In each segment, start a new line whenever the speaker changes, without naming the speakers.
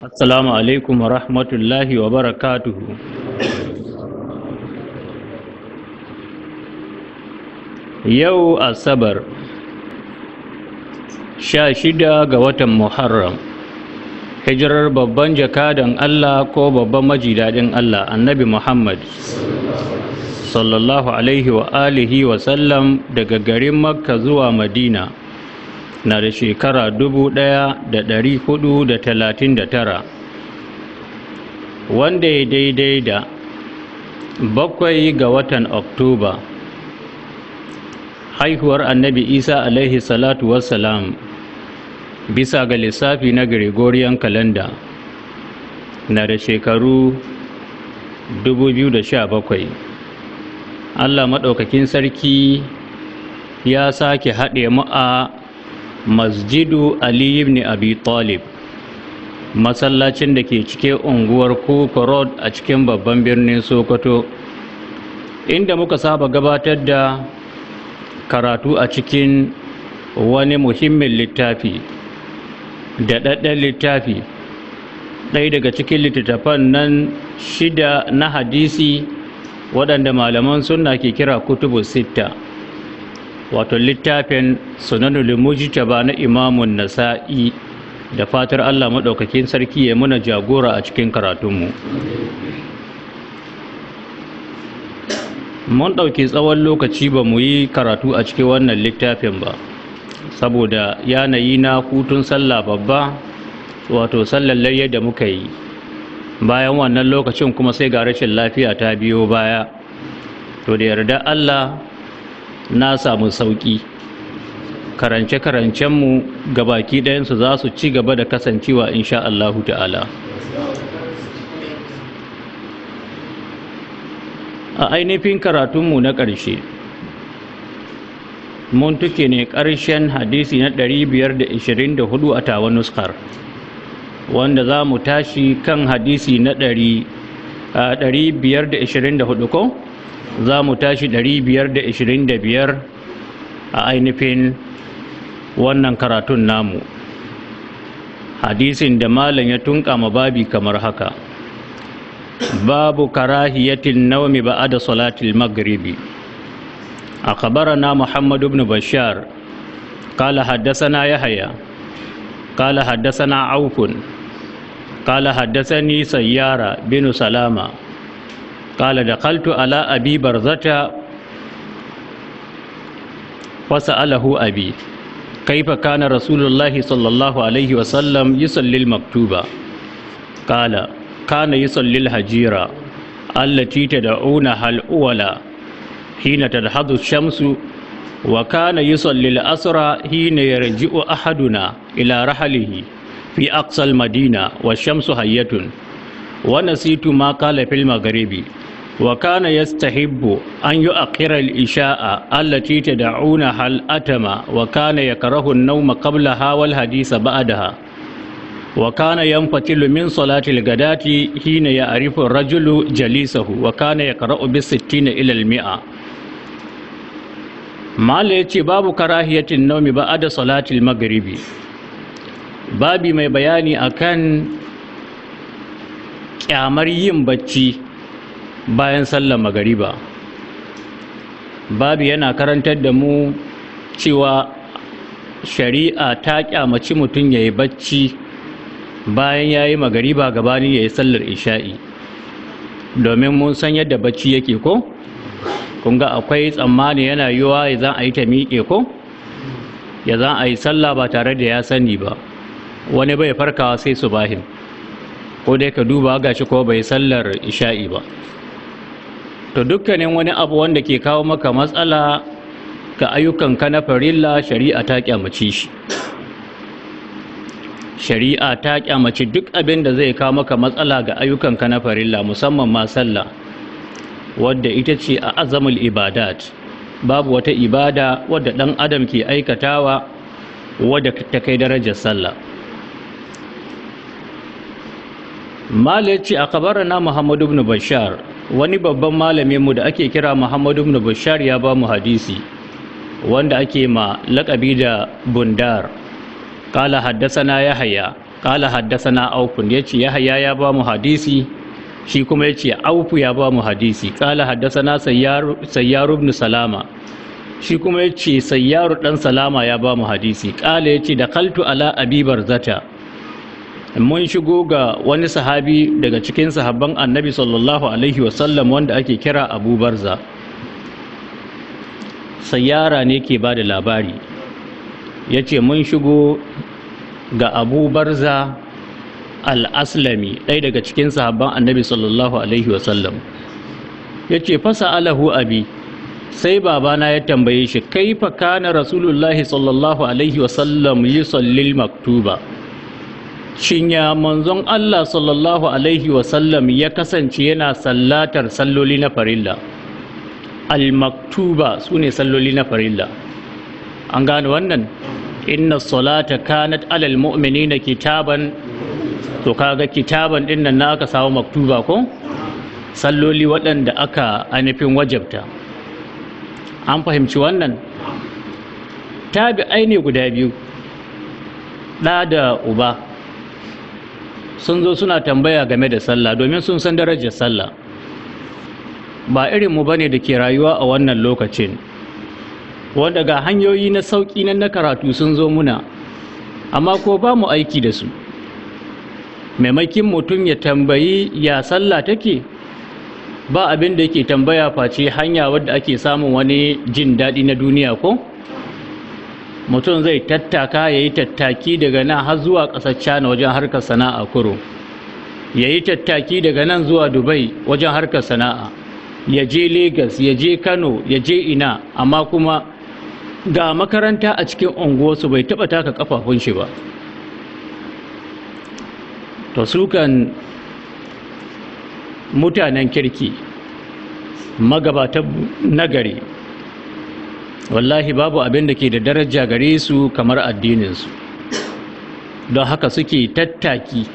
Assalamu alaikum wa rahmatullahi wa barakatuhu. Yau Asabar, sha shida ga watan Muharram, hijirar babban jakadan Allah ko babban majidadin Allah, annabi Muhammad, sallallahu alaihi wa alihi wa sallam daga garin Makka zuwa Madina. na da shekara tara. wanda ya daidai da bakwai ga watan oktoba haihuwar annabi isa alaihi salatu wassalam bisa ga lissafi na gregorian calendar na da shekaru sha bakwai. allah maɗaukakin sarki ya sake haɗe mu a masjidu ali ibn abi talib masallacin da ke cike unguwar kuka road a cikin babban birnin sokoto inda muka saba gabatar da karatu a cikin wani muhimmin littafi da ɗaɗɗen littafi ɗaya daga cikin littattafan nan shida na hadisi waɗanda malaman suna ke kira kutubu sitta wato littafin sunanul ba na imamun nasa'i da fatar Allah maɗaukakin sarki ya muna jagora a cikin karatunmu mun ɗauki tsawon lokaci ba mu yi karatu a cikin wannan littafin ba saboda yanayi na hutun sallah babba wato sallar layya da muka yi bayan wannan lokacin kuma sai ga rashin lafiya ta biyo baya to da yarda Allah na samu sauƙi karance-karancenmu baki ɗayansu za su ci gaba da kasancewa insha Allahu ta'ala a ainihin karatunmu na ƙarshe mun tuke ne ƙarshen hadisi na 524 a tawa nuskar wanda za mu tashi kan hadisi na 524 ko? za mu tashi biyar a ainihin wannan karatun namu hadisin da malam ya tunka babi kamar haka babu karahiyatin naumi ba da salatul magribi a kabarana muhammadu ibn bashar kala haddasana yahaya kala haddasana aukun kala haddasani sayyara binu salama قال دخلت على أبي برزة فسأله أبي كيف كان رسول الله صلى الله عليه وسلم يصلي المكتوبة قال كان يصلي الهجيرة التي تدعونها الأولى حين تدحض الشمس وكان يصلي الأسرى حين يرجع أحدنا إلى رحله في أقصى المدينة والشمس هية ونسيت ما قال في المغرب Wakana kana yastahibbu an yu'akhkhira al-isha'a allati tad'una hal atama wa kana yakrahu an-nawma qablaha wal hadisa ba'daha wa kana yanfatilu min salati al-ghadati hina ya'rifu ar-rajulu jalisahu wa kana yaqra'u bi 60 ila al-mi'a mala yace babu karahiyatin nawmi ba'da salati al-maghribi babi mai bayani akan kyamar yin bacci bayan sallar magariba babu yana karantar da mu cewa shari'a ta kyamaci mutum ya yi bacci bayan ya yi magariba gabanin ya yi sallar isha'i domin mun san yadda bacci yake ko ga akwai tsammani yana yiwuwa ya za a yi ta miƙe ko ya za a yi sallah ba tare da ya sani ba wani bai farkawa sai su bahin ko dai ka duba ga shi ko bai sallar isha'i ba to dukkanin wani abu wanda ke kawo maka matsala ga ayyukanka na farilla shari'a ta kyamace shi shari'a ta kyamace duk abin da zai kawo maka matsala ga ayyukanka na farilla musamman ma sallah wadda ita ce a azamul ibadat babu wata ibada wadda dan adam ke aikatawa wadda ta kai darajar sallah malaci a kabarana muhammadu ibn bashar wani babban malaminmu da ake kira muhammadu ibn bashar ya ba mu hadisi wanda ake ma laƙabi da bundar ƙala haddasana yahaya ƙala haddasana aufun ya ce yahaya ya ba mu hadisi shi kuma ya ce aufu ya ba mu hadisi Kala haddasana sayyaru ibn salama shi kuma ya ce sayyaru ɗan salama ya ba mu hadisi ƙala ya ce da kaltu ala abibar zata mun shigo ga wani sahabi daga cikin sahabban annabi sallallahu alaihi wasallam wanda ake kira abu barza sayara ne ke ba da labari ya ce mun shigo ga abu barza al'aslami ɗaya daga cikin sahabban annabi sallallahu alaihi wasallam ya ce fasa alahu abi sai babana ya tambaye shi kai fa kana rasulullahi sallallahu alaihi wasallam yi sallil maktuba shinya manzon Allah sallallahu Alaihi wasallam ya kasance yana sallatar salloli na farilla al-maktuba su ne salloli na farilla an gane wannan inna salata kanat alal mu'minina kitaban to kaga kitaban din nan na aka samu maktuba ko salloli waɗanda aka anifin wajabta an fahimci wannan tabi'ai ne guda biyu ɗa da uba sun zo suna tambaya game da sallah domin sun san darajar sallah ba irin mu bane da ke rayuwa a wannan lokacin wanda ga hanyoyi na sauƙi nan na karatu sun zo muna amma ko ba mu aiki da su maimakin mutum ya tambayi ya sallah take ba abin da yake tambaya face hanya wadda ake samun wani jin daɗi na duniya ko? mutum zai tattaka ya yi tattaki daga nan har zuwa ƙasar china wajen harkar sana'a kuro ya yi tattaki daga nan zuwa dubai wajen harkar sana'a ya je lagos ya je kano ya je ina amma kuma ga makaranta a cikin unguwarsu bai taɓa taka kafafun shi ba to su kan mutanen kirki magabatan nagari wallahi babu abin da ke da daraja gare su kamar addininsu don haka suke tattaki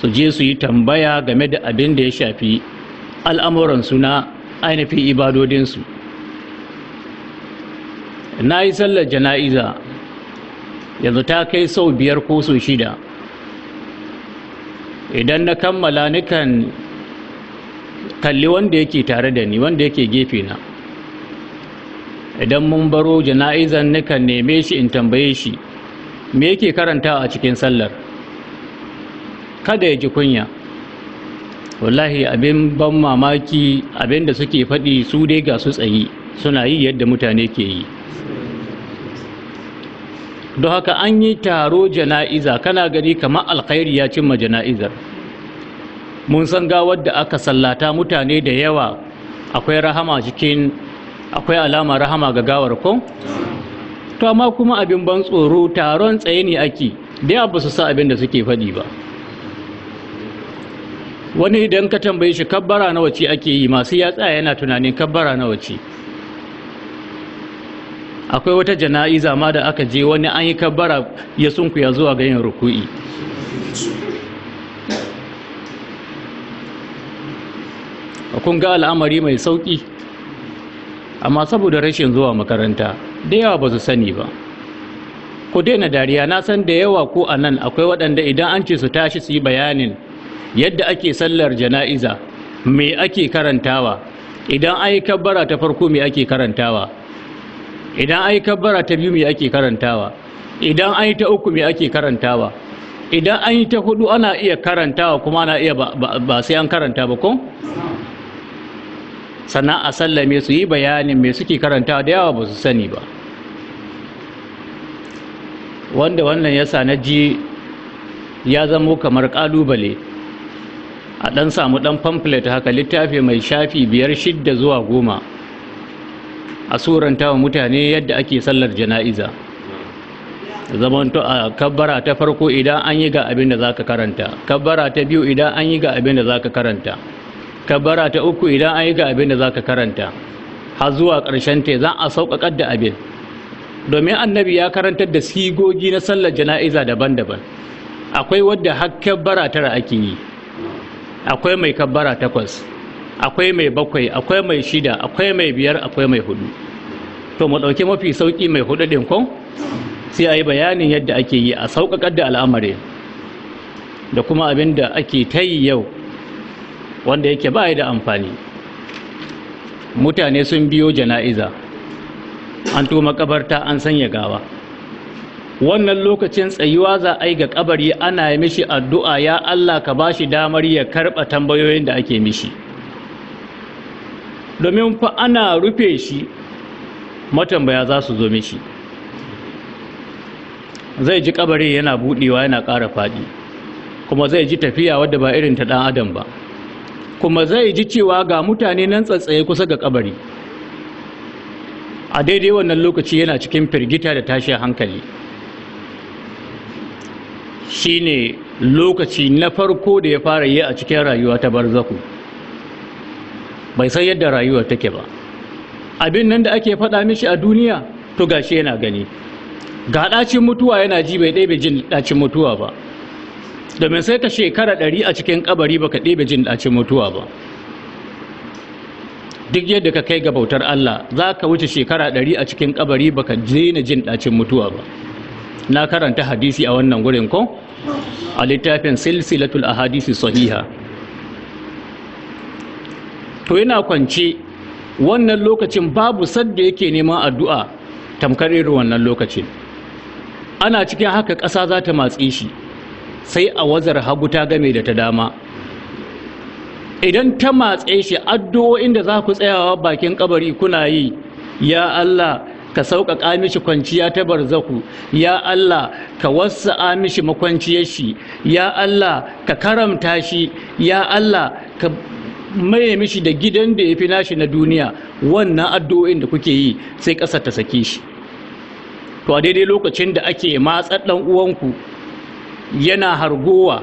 su je su yi tambaya game da abin da ya shafi al'amuransu na ainihin ibadodinsu na yi sallar jana'iza yanzu ta kai sau biyar ko sau shida idan na kammala nukan kalli wanda yake tare da ni wanda yake gefe na idan mun baro jana'izan nakan neme shi in tambaye shi me yake karanta a cikin sallar kada ya ji kunya wallahi abin ban mamaki abin da suke faɗi su dai ga su tsayi suna yi yadda mutane ke yi don haka an yi taro jana'iza kana gani kamar alkhairi ya cimma jana'izar mun san gawar da aka sallata mutane da yawa akwai rahama cikin akwai alama rahama ga gawar ko to amma kuma abin ban tsoro taron tsaye ne ake da ya ba su sa abin da suke faɗi ba wani idan ka tambaye shi kabbara na wace ake yi masu ya tsaya yana tunanin kabbara na wace akwai wata jana'iza ma da aka je wani an yi kabbara ya sunkuya zuwa ga yin ruku'i kun ga al'amari mai sauƙi amma saboda rashin zuwa makaranta da yawa ba su sani ba ku daina dariya na san da yawa ko a nan akwai waɗanda idan an ce su tashi su yi bayanin yadda ake sallar jana'iza me ake karantawa idan an yi kabbara ta farko me ake karantawa idan an yi kabbara ta biyu me ake karantawa idan an yi ta uku me ake karantawa idan an yi ta hudu ana iya karantawa kuma ana iya ba sai an karanta ba ko sannan a sallame su yi bayanin mai suke karanta da yawa ba su sani ba wanda wannan ya sa na ji ya zamo kamar ƙalubale a dan samu dan pamphlet haka littafi mai shafi biyar shidda zuwa goma a suranta wa mutane yadda ake sallar jana'iza to a kabbara ta farko idan an yi ga abin da za ka karanta kabbara ta biyu idan an yi ga abin da za ka karanta kabbara ta uku idan an yi ga abin da za ka karanta har zuwa ƙarshen ta za a sauƙaƙar da abin domin annabi ya karantar da sigogi na sallar jana'iza daban-daban akwai wadda har kabbara tara ake yi akwai mai kabbara takwas akwai mai bakwai akwai mai shida akwai mai biyar akwai mai hudu to mu ɗauki mafi sauƙi mai hudu ɗin ko sai a yi bayanin yadda ake yi a sauƙaƙar da al'amari da kuma abin da ake ta yi yau wanda yake ba da amfani mutane sun biyo jana'iza an to makabarta an sanya gawa wannan lokacin tsayuwa za a yi ga kabari ana yi mishi addu'a ya Allah ka ba shi damar ya karɓa tambayoyin da ake mishi domin fa ana rufe shi matambaya za su zo mishi zai ji kabari yana buɗewa yana ƙara faɗi kuma zai ji tafiya wadda ba irin ta ɗan adam ba kuma zai ji cewa ga mutane nan tsatsaye kusa ga kabari a daidai wannan lokaci yana cikin firgita da tashin hankali Shi ne lokaci na farko da ya fara yi a cikin rayuwa ta barzaku bai san yadda rayuwa take ba abin nan da ake faɗa mishi a duniya to gashi yana gani ga ɗacin mutuwa yana ji bai ɗaya jin ɗacin mutuwa ba domin sai ka shekara ɗari a cikin kabari baka ɗebe jin ɗacin mutuwa ba duk yadda ka kai ga bautar Allah za ka wuce shekara ɗari a cikin kabari baka daina jin ɗacin mutuwa ba na karanta hadisi a wannan gurin ko a littafin silsilatul hadisi sahiha to yana kwance wannan lokacin babu sadda yake neman addu'a tamkar irin wannan lokacin ana cikin haka ƙasa za ta matsi shi sai a wazar hagu ta game da ta dama idan ta matse shi addu'o'in da za ku tsayawa bakin kabari kuna yi ya Allah ka sauƙaƙa mishi kwanciya ta barzaku ya Allah ka wasa'a mishi makwanciyar shi ya Allah ka karamta shi ya Allah ka maye mishi da gidan da ya fi nashi na duniya wannan addu'o'in da kuke yi sai ƙasa ta sake shi to a daidai lokacin da ake matsar ɗan uwanku yana hargowa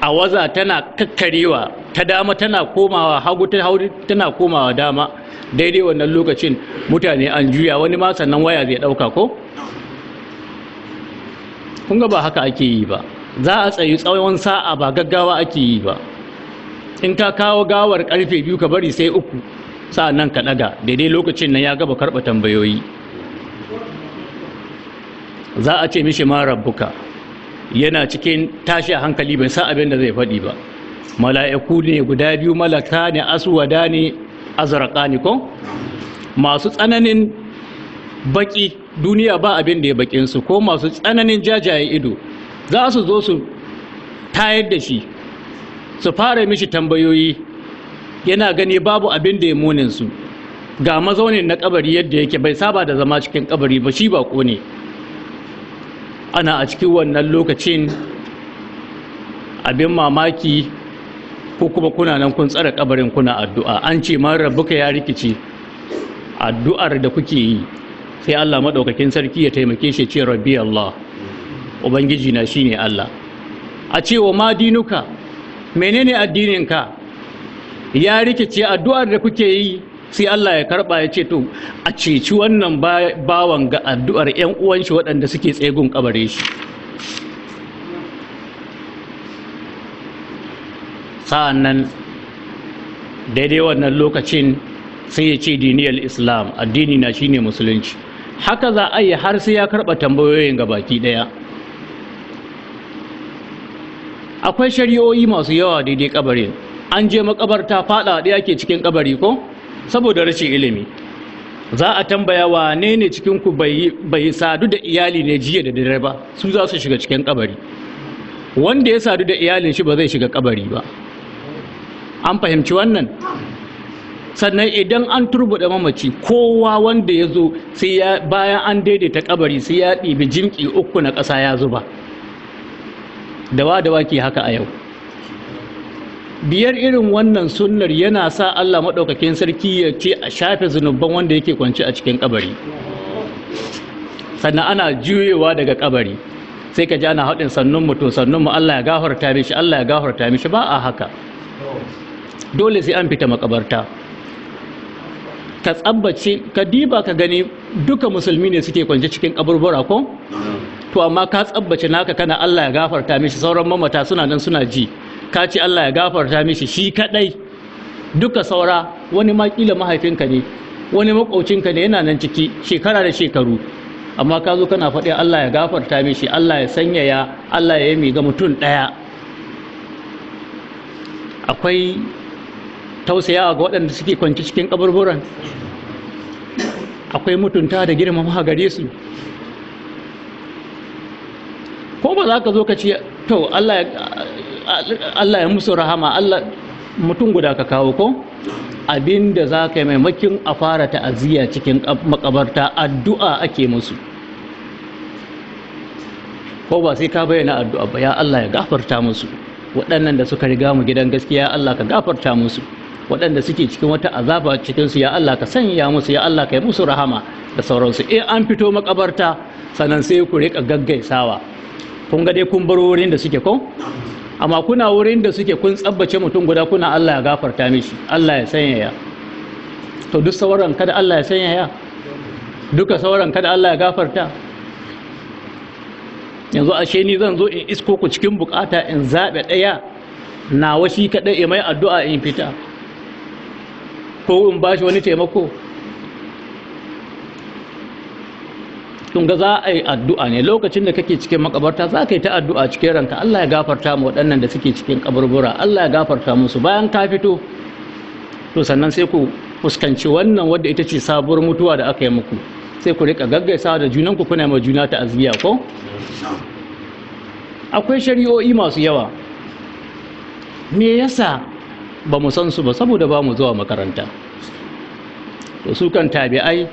a waza tana kakkarewa ta dama tana komawa hagu ta hauri tana komawa dama daidai wannan lokacin mutane an juya wani ma sannan waya zai dauka ko kun ga ba haka ake yi ba za a tsayi tsawon sa'a ba gaggawa ake yi ba in ka kawo gawar karfe biyu ka bari sai uku nan ka daga daidai lokacin nan ya gaba karba tambayoyi za a ce mishi ma rabbuka yana cikin tashi a hankali bai san abin da zai faɗi ba mala'iku ne guda biyu malaka ne aswada ne azraqa ne ko masu tsananin baki duniya ba abin da ya bakin su ko masu tsananin jajaye ido za su zo su tayar da shi su fara mishi tambayoyi yana gani babu abin da ya munin su ga mazaunin na kabari yadda yake bai saba da zama cikin kabari ba shi bako ne ana a cikin wannan lokacin abin mamaki ko kuma kuna nan kun tsara kabarin kuna addu'a an ce man ka ya rikici addu'ar da kuke yi sai Allah madaukakin sarki ya taimake shi ce rabbi Allah ubangiji na shine Allah a cewa ma dinuka menene addininka ya rikice addu'ar da kuke yi sai Allah ya karba ya ce to a ceci wannan bawan ga addu'ar 'yan uwan shi waɗanda suke tsegun kabare shi sa'annan daidai wannan lokacin sai ya ce diniyar islam addini na shine musulunci haka za a yi har sai ya karba tambayoyin ga baki ɗaya akwai shari'o'i masu yawa daidai kabarin an je makabarta fada ɗaya ke cikin kabari ko saboda rashin ilimi za a tambaya wane ne cikinku bai sadu da iyali ne jiya da dare ba su za su shiga cikin kabari wanda ya sadu da iyalin shi ba zai shiga kabari ba an fahimci wannan sannan idan an da mamaci kowa wanda ya zo sai ya bayan an daidaita kabari sai ya ɗibi jimki uku na ƙasa ya zuba dawa dawa ke haka a yau biyar irin wannan sunnar yana sa Allah maɗaukakin sarki ya ce a shafe zunubban wanda yake kwanci a cikin kabari sannan ana juyewa daga kabari sai ka ji ana haɗin sannun mutum sannun mu Allah ya gafarta mishi Allah ya gafarta mishi ba a haka dole sai an fita makabarta ka tsabbace ka diba ka gani duka musulmi ne suke kwance cikin kaburbura ko to amma ka tsabbace naka kana Allah ya gafarta mishi sauran mamata suna nan suna ji ka ce Allah ya gafarta mishi shi kadai duka saura wani ma kila mahaifinka ne wani makaucinka ne yana nan ciki shekara da shekaru amma ka zo kana faɗi Allah ya gafarta mishi Allah ya sanyaya Allah ya yi ga mutum ɗaya akwai tausayawa ga waɗanda suke kwanci cikin kaburburan akwai mutunta da girmama gare su ko ba za ka zo ka ce to Allah Allah ya musu rahama Allah mutum guda ka kawo ko abinda za ka yi maimakin a fara ta'aziyya cikin makabarta addu'a ake musu ko ba sai ka bayyana addu'a ba ya Allah ya gafarta musu waɗannan da suka riga mu gidan gaskiya Allah ka gafarta musu waɗanda suke cikin wata azaba cikinsu ya Allah ka sanya musu ya Allah ka yi musu rahama da sauransu eh an fito makabarta sannan sai ku riƙa gaggaisawa kun ga dai kun bar wurin da suke ko amma kuna wurin da suke kun tsabbace mutum guda kuna Allah ya gafarta mishi Allah ya sanyaya to duk sauran kada Allah ya sanyaya duka sauran kada Allah ya gafarta yanzu ashe ni zan zo in isko ku cikin bukata in zabe ɗaya na washi kada mai addu'a in fita ko in bashi wani taimako kun ga za a yi addu'a ne lokacin da kake cikin makabarta za ka yi ta addu'a cikin ranka Allah ya gafarta mu waɗannan da suke cikin kaburbura Allah ya gafarta musu bayan ka fito to sannan sai ku fuskanci wannan wadda ita ce sabuwar mutuwa da aka yi muku sai ku rika gaggaisawa da junan ku kuna ma juna ta'aziyya ko akwai shari'o'i masu yawa me yasa ba mu san su ba saboda ba mu zuwa makaranta to kan tabi'ai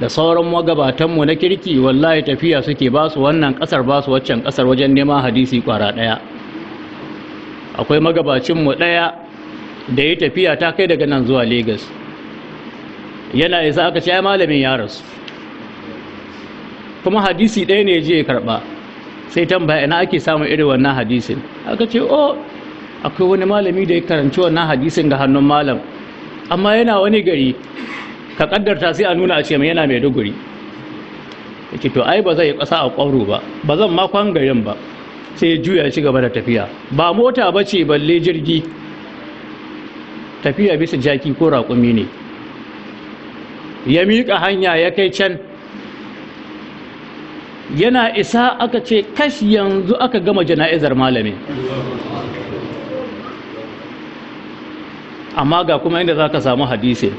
da sauran magabatanmu na kirki wallahi tafiya suke ba su wannan kasar ba su waccan kasar wajen neman hadisi kwara daya akwai magabacinmu daya da ya tafiya ta kai daga nan zuwa Legas yana isa aka ce ai malamin ya rasu kuma hadisi ɗaya ne je karba sai tambaya ina ake samun irin wannan hadisin aka ce oh akwai wani malami da ya karanci wannan hadisin ga hannun malam amma yana wani gari ka kaddarta sai a nuna a ce mai yana mai duguri yake to ai ba zai kasa a kwaro ba ba zan kwan garin ba sai ya juya shi gaba da tafiya ba mota ba ce balle jirgi tafiya bisa jaki ko raƙumi ne ya miƙa hanya ya kai can yana isa aka ce kashi yanzu aka gama jana'izar malami amma ga kuma inda za ka samu hadisi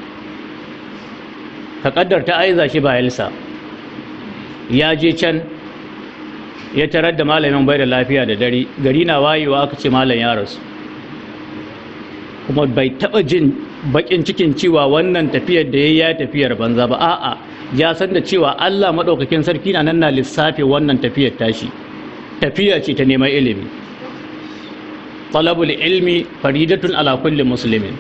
ka ta aiza shi ba ya je can ya tarar da malamin bai da lafiya da dare gari na wayewa aka ce malam ya rasu kuma bai taba jin bakin cikin cewa wannan tafiyar da ya yi tafiyar banza ba a'a ya san da cewa Allah maɗaukakin sarki na nan na lissafi wannan tafiyar tashi tafiya ce ta neman ilimi talabul ilmi faridatun ala kulli muslimin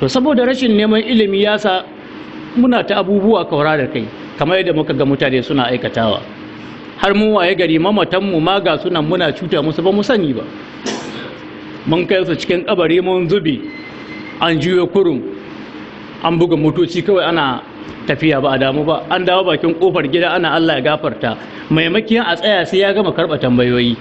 to saboda rashin neman ilimi ya sa muna ta abubuwa kaura da kai kamar yadda muka ga mutane suna aikatawa har mu waye gari mamatanmu ma ga sunan muna cuta musu ba mu sani ba mun kai su cikin kabari mun zubi an juyo kurum an buga motoci kawai ana tafiya ba a damu ba an dawo bakin kofar gida ana Allah ya gafarta maimakiyan a tsaya sai ya gama karɓa tambayoyi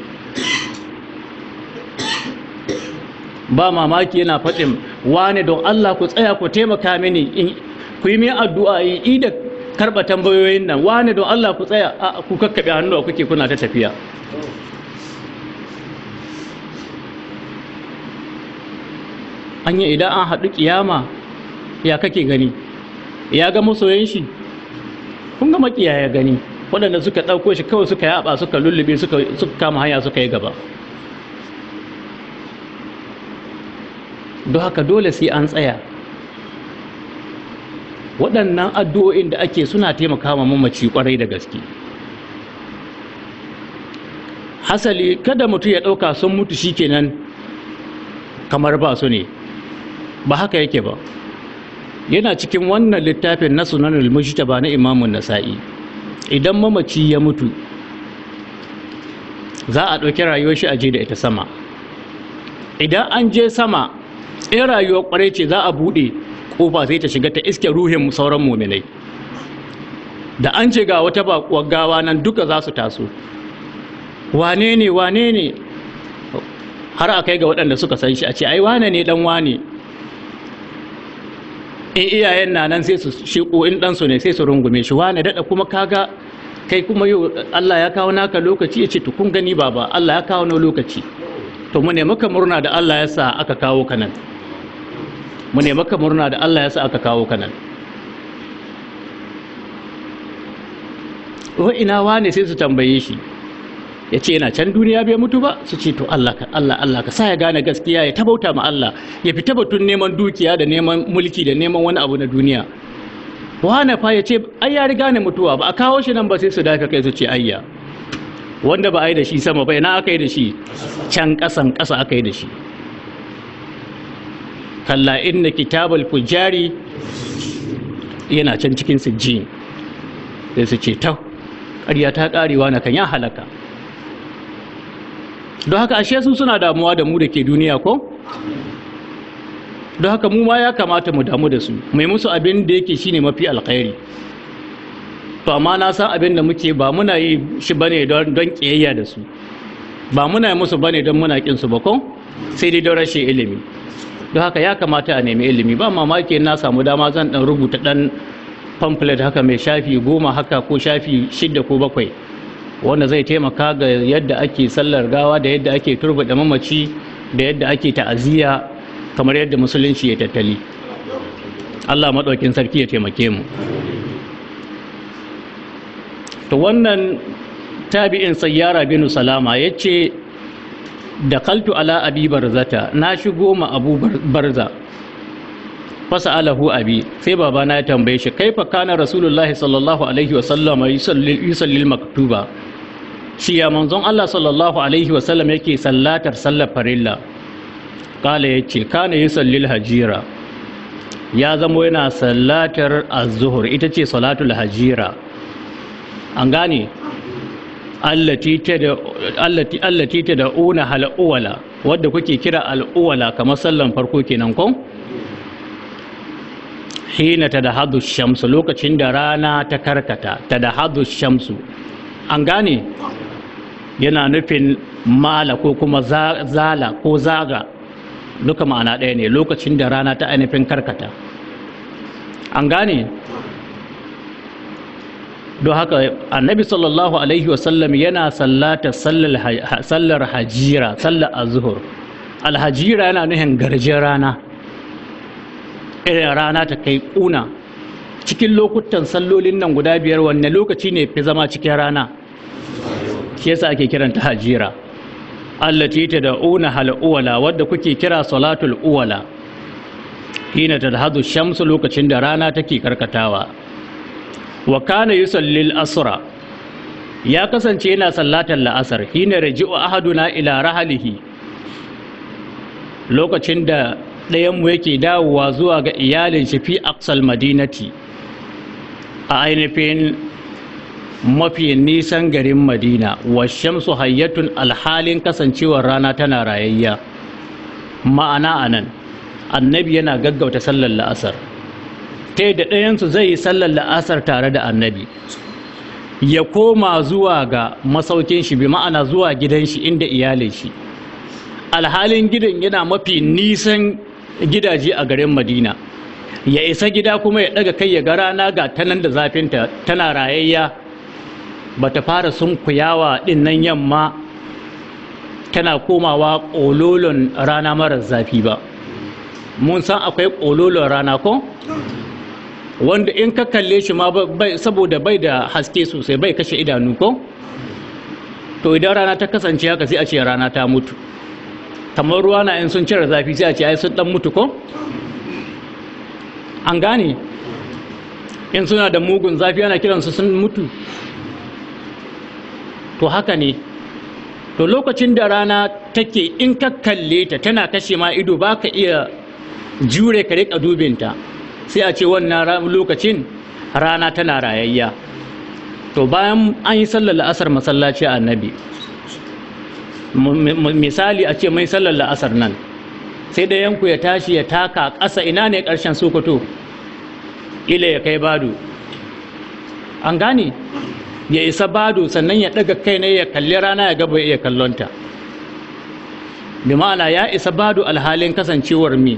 ba mamaki yana faɗin wane don Allah ku tsaya ku taimaka mini ku yi min addu'a yi da karba tambayoyin nan wane don Allah ku tsaya ku kakkaɓe hannuwa kuke kuna ta tafiya an yi idan an haɗu ƙiyama ya kake gani ya ga masoyan shi kun ga makiyaya gani waɗanda suka ɗauko shi kawai suka yaɓa suka lullube suka kama hanya suka yi gaba don haka dole sai an tsaya waɗannan addu'o'in da ake suna taimakawa mamaci kwarai da gaske hasali kada mutum ya ɗauka sun mutu shi shikenan kamar ba su ne ba haka yake ba yana cikin wannan littafin na sunanul ba na imamun nasa'i idan mamaci ya mutu za a ɗauki rayuwar shi a je da ita sama idan an je sama in rayuwar kwarai ce za a buɗe kofa sai ta shiga ta iske ruhin sauran muminai da an ce ga wata bakuwar gawa nan duka za su taso wane ne wane ne har a kai ga waɗanda suka san shi a ce ai wane ne dan wane in iyayen na nan sai su shiko in ɗansu ne sai su rungume shi wane daɗa kuma kaga kai kuma yau Allah ya kawo naka lokaci ya ce tukun gani baba Allah ya kawo na lokaci to mu ne maka murna da Allah ya sa aka kawo ka nan mu ne maka murna da Allah ya sa aka kawo ka nan wa ina wane sai su tambaye shi ya ce yana can duniya bai mutu ba su ce to Allah Allah Allah ka sa ya gane gaskiya ya tabauta ma Allah ya fita batun neman dukiya da neman mulki da neman wani abu na duniya wane fa ya ce ai ya riga ne mutuwa ba a kawo shi nan ba sai su dafa kai su ce ayya wanda ba a yi da shi sama bai na aka yi da shi can kasan ƙasa aka yi da shi kalla inna kitabar fujari yana can cikin sijjin sai su ce ta ƙarya ta ƙarewa na kan ya halaka don haka ashe su suna damuwa da mu da ke duniya ko don haka mu ma ya kamata mu damu da su mai musu abin da yake shine mafi alkhairi to amma na san abin da muke ba muna yi shi bane don ƙiyayya da su ba muna yi musu bane don muna kin su ba ko sai dai don rashin ilimi don haka ya kamata a nemi ilimi ba mamaki na samu dama zan dan rubuta dan pamphlet haka mai shafi goma haka ko shafi shidda ko bakwai wanda zai taimaka ga yadda ake sallar gawa da yadda ake da mamaci da yadda ake ta'aziyya kamar yadda musulunci ya tattali Allah maɗaukin sarki ya taimake mu to wannan tabi'in sayyara bin salama ya ce da kaltu ala abi barzata na shigo ma abu barza fasa alahu abi sai babana ya tambaye shi kai fakana rasulullahi sallallahu alaihi wasallam sallil maktuba shi ya manzon Allah sallallahu alaihi wasallam yake sallatar sallar farilla kala ya ce kana sallil hajira ya zama yana sallatar azuhur ita ce salatul hajira an gane allati ta da una hal'uwala wadda kuke kira al'uwala kamar sallan farko kenan kon hina ta da hadu shamsu lokacin da rana ta karkata ta da hadu shamsu an gane yana nufin mala ko kuma zala ko zaga duka ma'ana ɗaya ne lokacin da rana ta ainihin karkata an gane don haka annabi sallallahu alaihi wasallam yana sallata sallar hajira sallar azuhur alhajira yana nuhin garjin rana irin rana ta kai kuna cikin lokutan sallolin nan guda biyar wanne lokaci ne fi zama cikin rana shi yasa ake kiranta hajira allati da una hal'uwala wadda kuke kira salatul uwala hina ta da tadhadu shamsu lokacin da rana take karkatawa wa kana yusalli al-asra ya kasance yana sallatar la'asar hina raji'u ahaduna ila lokacin da mu yake dawowa zuwa ga iyalin shi fi aqsal madinati a ainihin mafi nisan garin madina wa shamsu hayyatun alhalin kasancewar rana tana rayayya ma'ana anan annabi yana gaggauta sallar la'asar ta yadda ɗayansu zai yi sallar la'asar tare da annabi ya koma zuwa ga masaukin shi bi ma'ana zuwa gidan shi inda iyalin shi alhalin gidan yana mafi nisan gidaje a garin madina ya isa gida kuma ya ɗaga kai ya ga rana ga tanan da zafinta tana rayayya ba ta fara sunkuyawa ɗin nan yamma tana komawa ƙololon rana marar zafi ba mun san akwai ƙololon rana ko wanda in ka kalle shi ma saboda bai da haske sosai bai kashe idanu ko to idan rana ta kasance haka sai a ce rana ta mutu kamar ruwa na in sun cire zafi sai a ce ai sun dan mutu ko an gane in suna da mugun zafi ana kiransu sun mutu to haka ne to lokacin da rana take in ka kalle ta tana kashe ma ido ba ka iya jure ka riƙa dubinta sai a ce wannan lokacin rana tana rayayya to bayan an yi sallar la'asar masallaci a annabi misali a ce mai sallar la'asar nan sai da yanku ya tashi ya taka ƙasa ina ne ƙarshen sokoto ila ya kai bado an gane ya isa bado sannan ya ɗaga kai na ya kalli rana ya gaba ya kallonta bi ma'ana ya isa bado alhalin kasancewar mi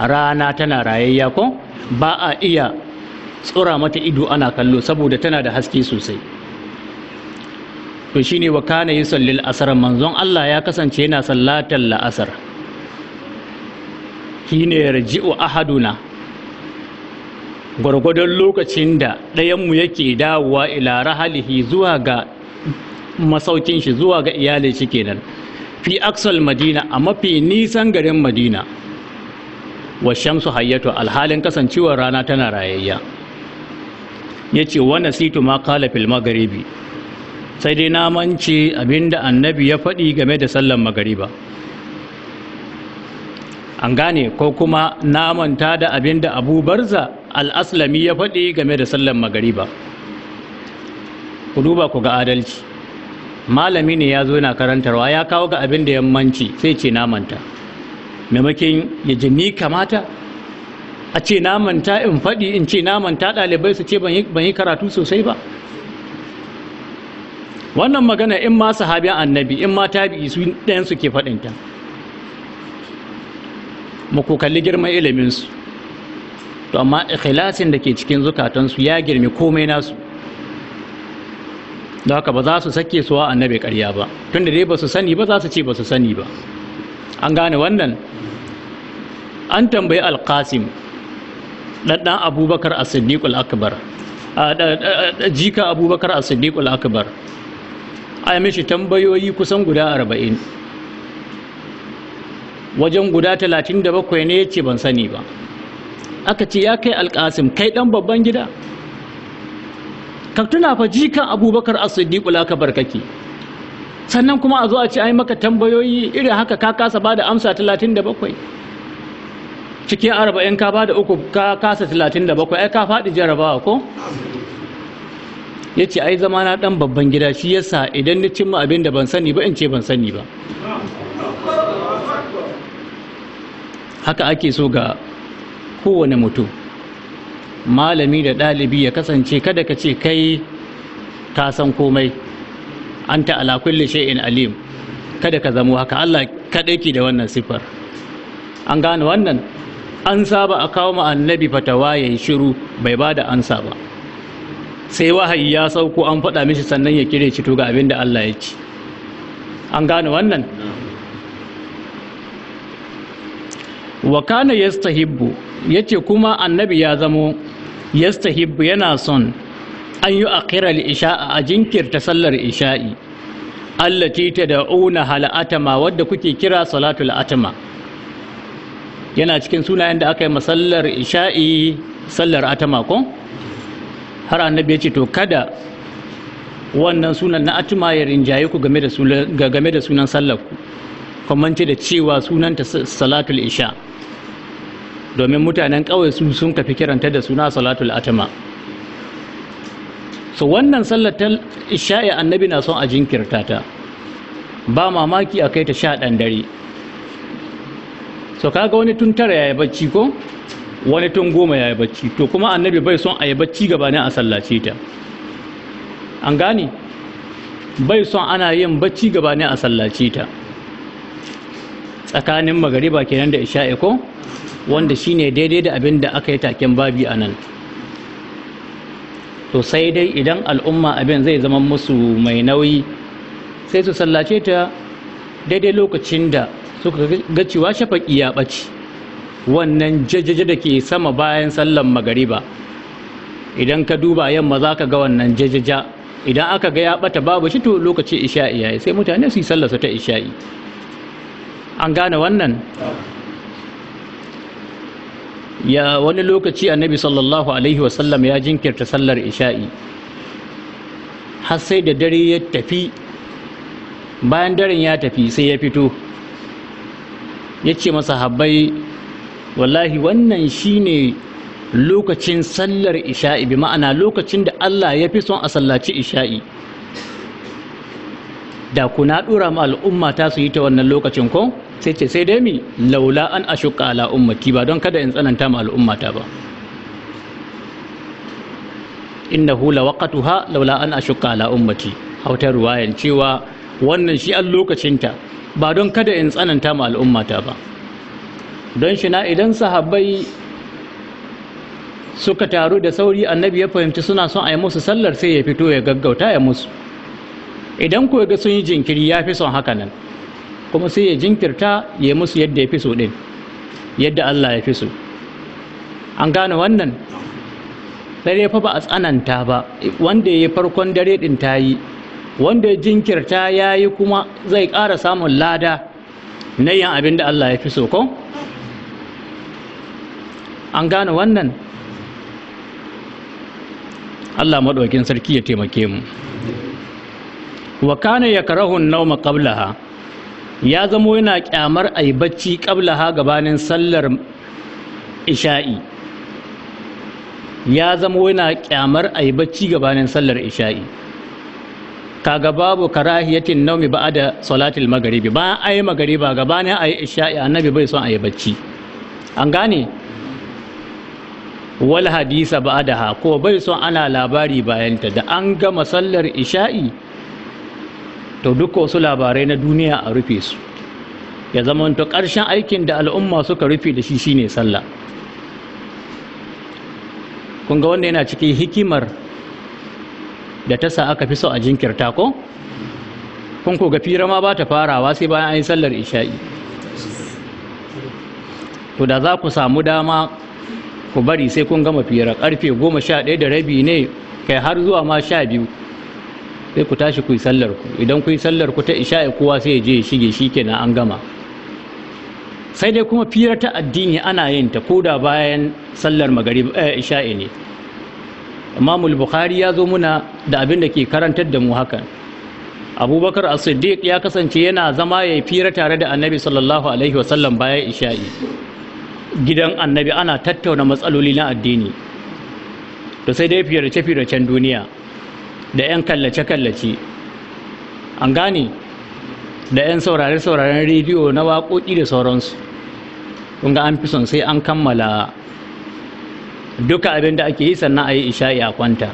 rana tana rayayya ko ba a iya tsura mata ido ana kallo saboda tana da haske sosai to shine wa kana yusalli al-asr manzon Allah ya kasance yana sallatar la'asar kine yarji'u ahaduna gwargwadon lokacin da ɗayan mu yake dawowa ila rahalihi zuwa ga masaukin shi zuwa ga iyalin shi kenan fi aksal madina a mafi nisan garin madina washen su hayyato alhalin kasancewar rana tana rayayya yace wa situ ma kala fil maghribi sai dai na abinda annabi ya faɗi game da sallan magariba an gane ko kuma namanta da abinda Abubarza Barza al-Aslami ya faɗi game da sallan magariba ku duba ku ga adalci malami ne ya zo na karantarwa ya kawo ga abinda yammanci sai ce namanta manta maimakon ya ji ni kamata a ce na manta in faɗi in ce na manta ɗalibai su ce ban yi karatu sosai ba wannan magana in ma sahabiyan annabi in ma tabi'i su ɗayan ke faɗinta muku kalli girman iliminsu to amma ikhlasin da ke cikin zukatansu ya girmi komai nasu da haka ba za su sake suwa annabi karya ba tunda dai ba su sani ba za su ce ba su sani ba an gane wannan an tambayi alkasim ɗanɗan abubakar a akbar jika abubakar a akbar a yi mishi tambayoyi kusan guda arba'in wajen guda talatin da bakwai ne ya ce ban sani ba aka ce ya kai alkasim kai ɗan babban gida ka tuna fa jikan abubakar a akbar kake sannan kuma a zo a ce ai maka tambayoyi irin haka ka kasa ba da amsa 37 cikin 40 ka bada da uku ka kasa 37 ai ka faɗi jarabawa ko ya ce ai zama na ɗan babban gida shi yasa idan ni cimma abin da ban sani ba in ce ban sani ba haka ake so ga kowane mutum malami da ɗalibi ya kasance kada ka ce kai ka san komai anta ala kulli shay'in alim kada ka zamo haka Allah kadai ki da wannan sifar an gane wannan an saba a kawo annabi fatawa yayin shiru bai bada ansa ba sai wahayi ya sauko an faɗa mishi sannan ya kire shi to ga abin da Allah ya ci an gane wannan wa kana yastahibbu yace kuma annabi ya zamo yastahibbu yana son an yi akira isha a jinkirta sallar isha'i Allah allati tad'una hal atama wadda kuke kira salatul atama yana cikin sunayen da aka yi masallar isha'i sallar atama ko har annabi ya ce to kada wannan sunan na atama ya rinjaye ku game da sunan game da sunan sallar ku ce da cewa sunanta salatul isha domin mutanen kawai su sun kafi kiranta da suna salatul atama so wannan sallar ta isha'i annabi na son a jinkirta ta ba mamaki a kai ta sha ɗan dare so kaga wani tun tara ya yi bacci ko wani tun goma ya yi bacci to kuma annabi bai son a yi bacci ne a sallace ta an gane bai son ana yin bacci ne a sallace ta tsakanin magariba kenan da isha'i ko wanda shine daidai da abin da aka yi taken babi a nan to sai dai idan al'umma abin zai zama musu mai nauyi sai su sallace ta daidai lokacin da suka ga cewa shafaƙi ya ɓaci wannan jajaje da ke sama bayan sallan magariba idan ka duba yamma za ka ga wannan jajaja idan aka ga ya ɓata babu shi to lokaci isha'i yi, sai mutane su yi sallarsa ta isha'i an gane wannan ya wani lokaci annabi sallallahu alaihi wasallam ya jinkirta sallar isha'i har sai da dare ya tafi bayan daren ya tafi sai ya fito ya ce masa habbai wallahi wannan shine lokacin sallar isha'i bi ma'ana lokacin da Allah ya fi son a sallaci isha'i da kuna dura ma al'umma ta su yi ta wannan lokacin ko sai ce sai dai mi laula an ashuka ala ummati ba don kada in tsananta ma al'umma ta ba innahu lawaqatuha laula an ashuka ala ummati hautar ruwayan cewa wannan shi an lokacinta ba don kada in tsananta ma al'umma ta ba don shi na idan sahabbai suka taru da sauri annabi ya fahimci suna son a yi musu sallar sai ya fito ya gaggauta ya musu idan ku ga sun yi jinkiri ya fi son haka nan kuma sai ya jinkirta ya musu yadda ya fi so ɗin yadda Allah ya fi so an gane wannan dare fa ba a tsananta ba wanda ya farkon dare ɗin ta yi wanda ya jinkirta ya yi kuma zai ƙara samun lada na yin abin da Allah ya fi so ko an gane wannan Allah maɗaukin sarki ya taimake mu wa kana yakrahu Nauma qablaha ya zamo yana kyamar ayi bacci qablaha gabanin sallar isha'i ya zamo yana kyamar ayi bacci gabanin sallar isha'i kaga babu karahiyatin naumi da salatil maghribi ba ai maghriba gabanin ayi isha'i annabi bai son ayi bacci an gane wal hadisa ba'daha ko bai son ana labari bayanta da an gama sallar isha'i to duk wasu labarai na duniya a rufe su ya zama to ƙarshen aikin da al'umma suka rufe da shi shine sallah kun ga wanda yana cikin hikimar da ta sa aka fi so a jinkirta ko kun ko ga fira ma ba ta farawa sai bayan an yi sallar isha'i to da za ku samu dama ku bari sai kun gama fira karfe goma sha ɗaya da rabi ne kai har zuwa ma sha biyu sai ku tashi ku yi sallar ku idan ku yi sallar ku ta isha'i kowa sai ya je ya shige shi kenan an gama sai dai kuma firar ta addini ana yin ta koda bayan sallar magarib eh, isha'i ne imamul bukhari ya zo muna da abin da ke karantar da mu hakan abubakar as-siddiq ya kasance yana zama ya fira tare da annabi sallallahu alaihi wasallam bayan isha'i gidan annabi ana tattauna matsaloli na addini to sai dai firace-firacen duniya da 'yan kallace-kallace an gane da 'yan saurare-sauraren rediyo na waƙoƙi da sauransu kunga an fi son sai an kammala duka abin da ake yi sannan a yi isha'i a kwanta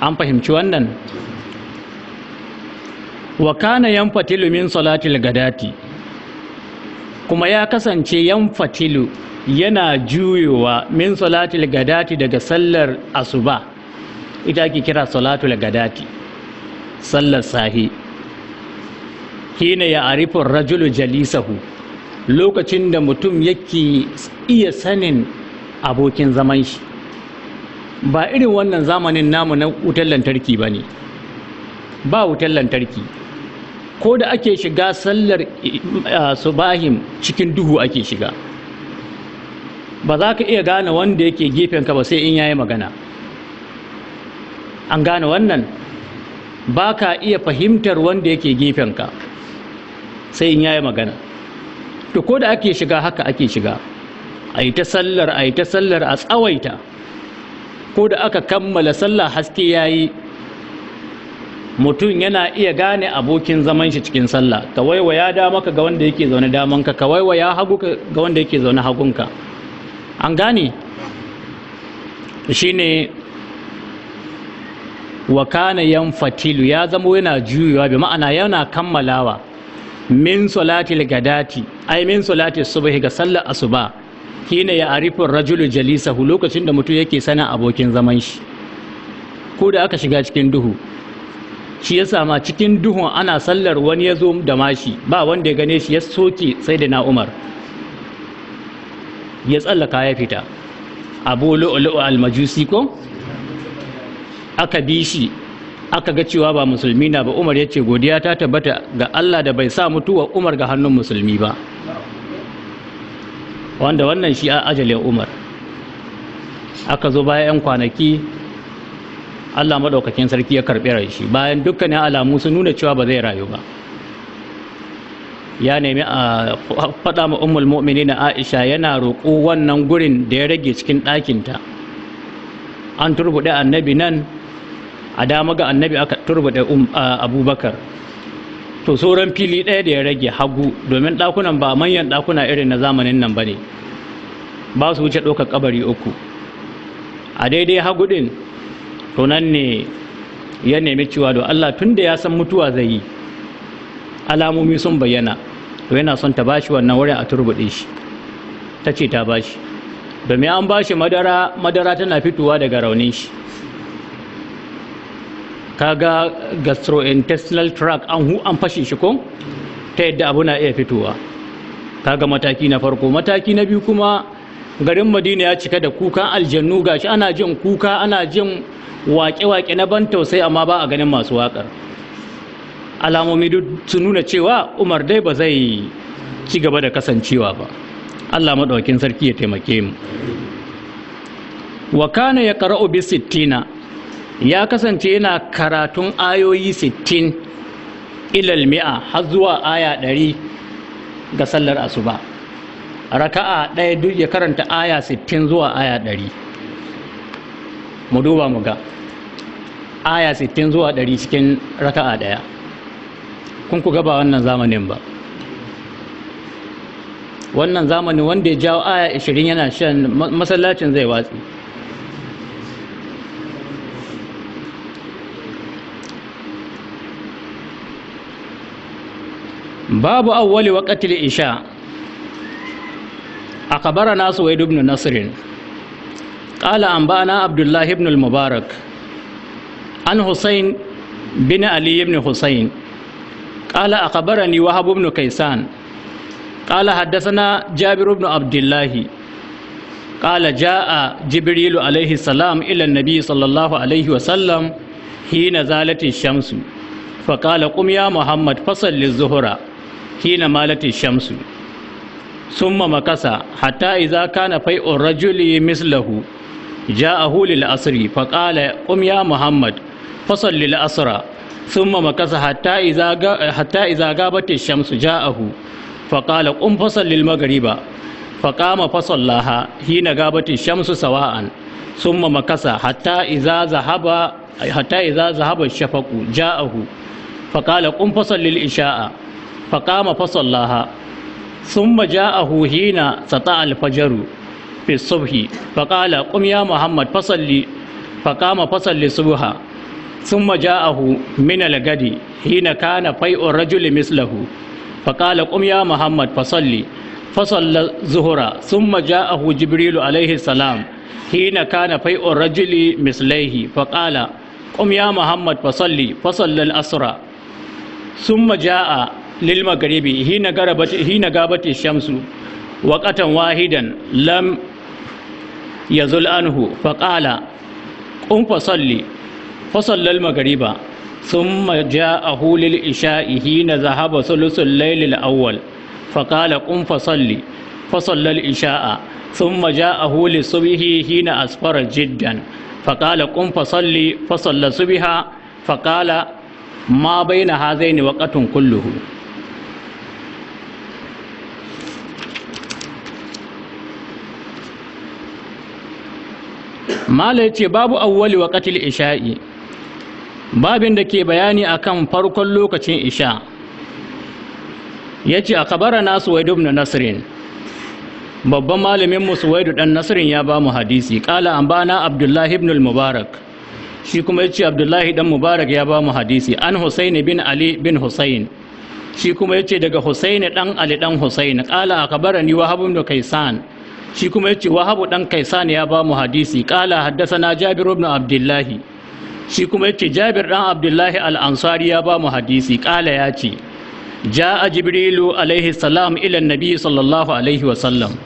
an fahimci wannan wa kana yan fatilu min salatil gadati kuma ya kasance yan fatilu yana juyowa min salatil gadati daga sallar asuba ita ake kira salatul gadati sallar sahi hina ya arifin rajulu jalisahu lokacin da mutum yake iya sanin abokin zaman shi ba irin wannan zamanin namu na wutar lantarki ba ne ba wutar lantarki ko da ake shiga sallar eh, subahim cikin duhu ake shiga ba za ka iya gane wanda yake gefenka ba sai in yayi magana an gane wannan ba ka iya fahimtar wanda yake gefenka sai in yaya magana to ko da ake shiga haka ake shiga a yi ta sallar a yi ta sallar a tsawaita ko da aka kammala sallah haske ya yi mutum yana iya gane abokin zaman shi cikin sallah ka ya dama ka ga wanda yake zaune damanka ka ya hagu ka ga wanda yake zaune hagunka an gane shi ne. wa kana fatilu ya zamo yana juyuwa bi ma'ana yana kammalawa min salatil gadati ai min salatil subhi ga sallar asuba hina ya arifin rajulu jalisahu lokacin da mutum yake sana abokin zaman shi ko da aka shiga cikin duhu shi ya sama cikin duhu ana sallar wani ya zo da mashi ba wanda ya gane shi ya soke sai da na umar ya tsallaka ya fita abu lu'ulu'u al-majusi ko aka bi shi aka ga cewa ba musulmi na ba umar ya ce godiya ta tabbata ga allah da bai sa mutuwa umar ga hannun musulmi ba wanda wannan shi a ajalin umar aka zo bayan 'yan kwanaki allah maɗaukakin sarki ya karɓi shi bayan dukkanin alamu sun nuna cewa ba zai rayu ba ya nemi a faɗa ma mu'mini na aisha yana roƙo wannan gurin da ya rage cikin ɗakinta an turbuɗe annabi nan a dama ga annabi aka turbuɗe um, abubakar to sauran fili ɗaya da ya rage hagu domin ɗakunan ba manyan ɗakuna irin na zamanin nan ba ne ba su wuce ɗaukar kabari uku a daidai hagu ɗin to nan ne ya nemi cewa da Allah tun da ya san mutuwa zai yi alamomi sun bayyana to yana son ta bashi wannan wurin a turbuɗe shi ta ce ta bashi domin an bashi madara madara tana fitowa daga raunin shi kaga gastrointestinal tract an hu an fashe shi ko ta yadda abu na iya fitowa kaga mataki na farko mataki na biyu kuma garin madina ya cika da kuka aljannu gashi ana jin kuka ana jin waƙe-waƙe na ban tausayi amma ba a ganin masu waƙar alamomi duk su nuna cewa umar dai ba zai ci gaba da kasancewa ba allah maɗaukin sarki ya taimake mu wa kana ya ƙara'u bi sittina ya kasance yana karatun ayoyi sittin ilal mi'a har zuwa aya 100 ga sallar asuba raka'a ɗaya duk ya karanta aya sittin zuwa aya 100 mu duba mu ga aya sittin zuwa 100 cikin raka'a ɗaya kun ku gaba wannan zamanin ba wannan zamanin wanda ya jawo aya 20 yana shan masallacin zai watsi babu awwali waqtil isha akhbarana suwaid ibn nasr قال أنبأنا عبد الله بن المبارك عن حسين بن علي بن حسين قال أخبرني وهب بن كيسان قال حدثنا جابر بن عبد الله قال جاء جبريل عليه السلام إلى النبي صلى الله عليه وسلم حين زالت الشمس فقال قم يا محمد فصل الظهر hina malati shamsu kasa, makasa hatta idza kana fai'ur rajuli mislahu ja'ahu lil asri fa qala qum ya muhammad fasalli lil asra thumma makasa hatta idza hatta shamsu ja'ahu fa qala qum fasalli lil maghriba fa qama fasallaha hina gabati shamsu sawa'an thumma makasa hatta idza zahaba hatta idza isha'a faƙama fasallaha sun maja a huhina tsata alfajaru fi faƙala ƙum muhammad fasalli faƙama fasalli subha sun maja hu min algadi hina kana fai'un rajuli mislahu faƙala ƙum ya muhammad fasalli fasalla zuhura sun maja hu jibrilu alaihi salam hina kana fai'un rajuli mislaihi faƙala ƙum muhammad fasalli asra sun lil magharibi hina garabati gabati shamsu waqatan wahidan lam yazul anhu faqala qum fasalli fasalla al maghriba thumma ja'ahu lil isha'i hina zahaba thuluthul layl al awwal faqala qum fasalli fasalla al isha'a thumma ja'ahu lis subhi hina asfara jiddan faqala qum fasalli fasalla subha faqala ma bayna hazaini waqatun kulluhu mala ya ce babu awwali wa katil isha'i babin da ke bayani akan farkon lokacin isha ya ce a kabara na suwaidu ibn nasirin babban malamin mu suwaidu ɗan nasirin ya bamu hadisi kala an bana abdullahi ibn mubarak shi kuma ya ce abdullahi ɗan mubarak ya bamu hadisi an husaini bin ali bin husain shi kuma ya ce daga husaini ɗan ali ɗan Husain. kala a kabara ni wahabu ibn san. shi kuma yace wahabu dan kaisan ya ba mu hadisi qala haddathana jabir ibn abdullahi shi kuma yace jabir dan abdullahi al-ansari ya ba mu hadisi qala yace ja'a jibrilu alaihi salam ila nabi sallallahu alaihi wa sallam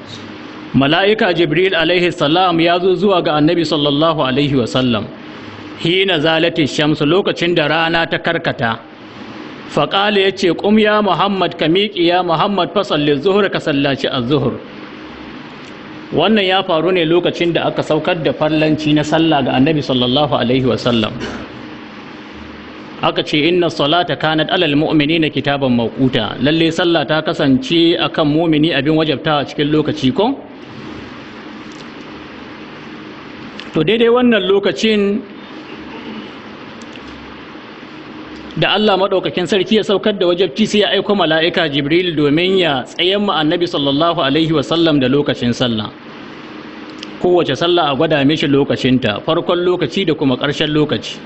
mala'ika jibril alaihi salam ya zo zuwa ga annabi sallallahu alaihi wa sallam hina zalati shamsu lokacin da rana ta karkata faƙala ya ce ƙum ya muhammad ka miƙi ya muhammad fasalli zuhur ka sallaci a zuhur wannan ya faru ne lokacin da aka saukar da farlanci na sallah ga annabi sallallahu alaihi wasallam aka ce inna salata kanat alal na kitaban mawquta lalle sallah ta kasance akan mu'mini abin a cikin lokaci ko to daidai wannan lokacin da Allah maɗaukakin sarki ya saukar da wajabci sai ya aiko mala'ika Jibril domin ya tsayen mu annabi sallallahu alaihi wasallam da lokacin sallah kowace sallah a gwada mishi lokacinta farkon lokaci da kuma ƙarshen lokaci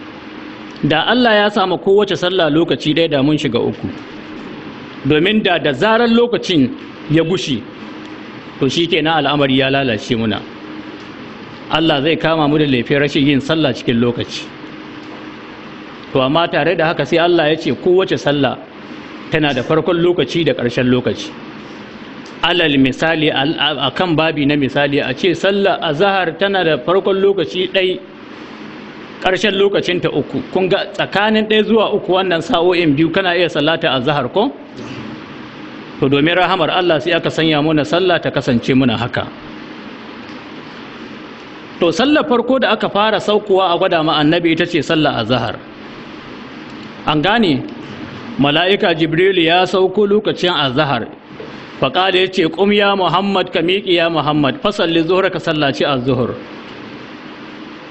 da Allah ya samu kowace sallah lokaci ɗaya da mun shiga uku domin da da zarar lokacin ya gushi to shi kenan al'amari ya lalace muna Allah zai kama mu da laifin rashin yin sallah cikin lokaci to amma tare da haka sai Allah ya ce kowace sallah tana da farkon lokaci da ƙarshen lokaci alal misali a kan babi na misali a ce sallah a zahar tana da farkon lokaci ɗai ƙarshen lokacin ta uku kun ga tsakanin ɗaya zuwa uku wannan sa'o'in biyu kana iya sallata zahar ko to domin rahamar Allah sai aka sanya muna sallah ta kasance muna haka to sallar farko da aka fara saukowa a gwada ma annabi ita ce sallah a zahar. an gane mala'ika jibrilu ya sauko lokacin azahar faƙada ya ce ƙum ya muhammad ka miƙi ya muhammad fasalli zuhur ka sallaci azuhur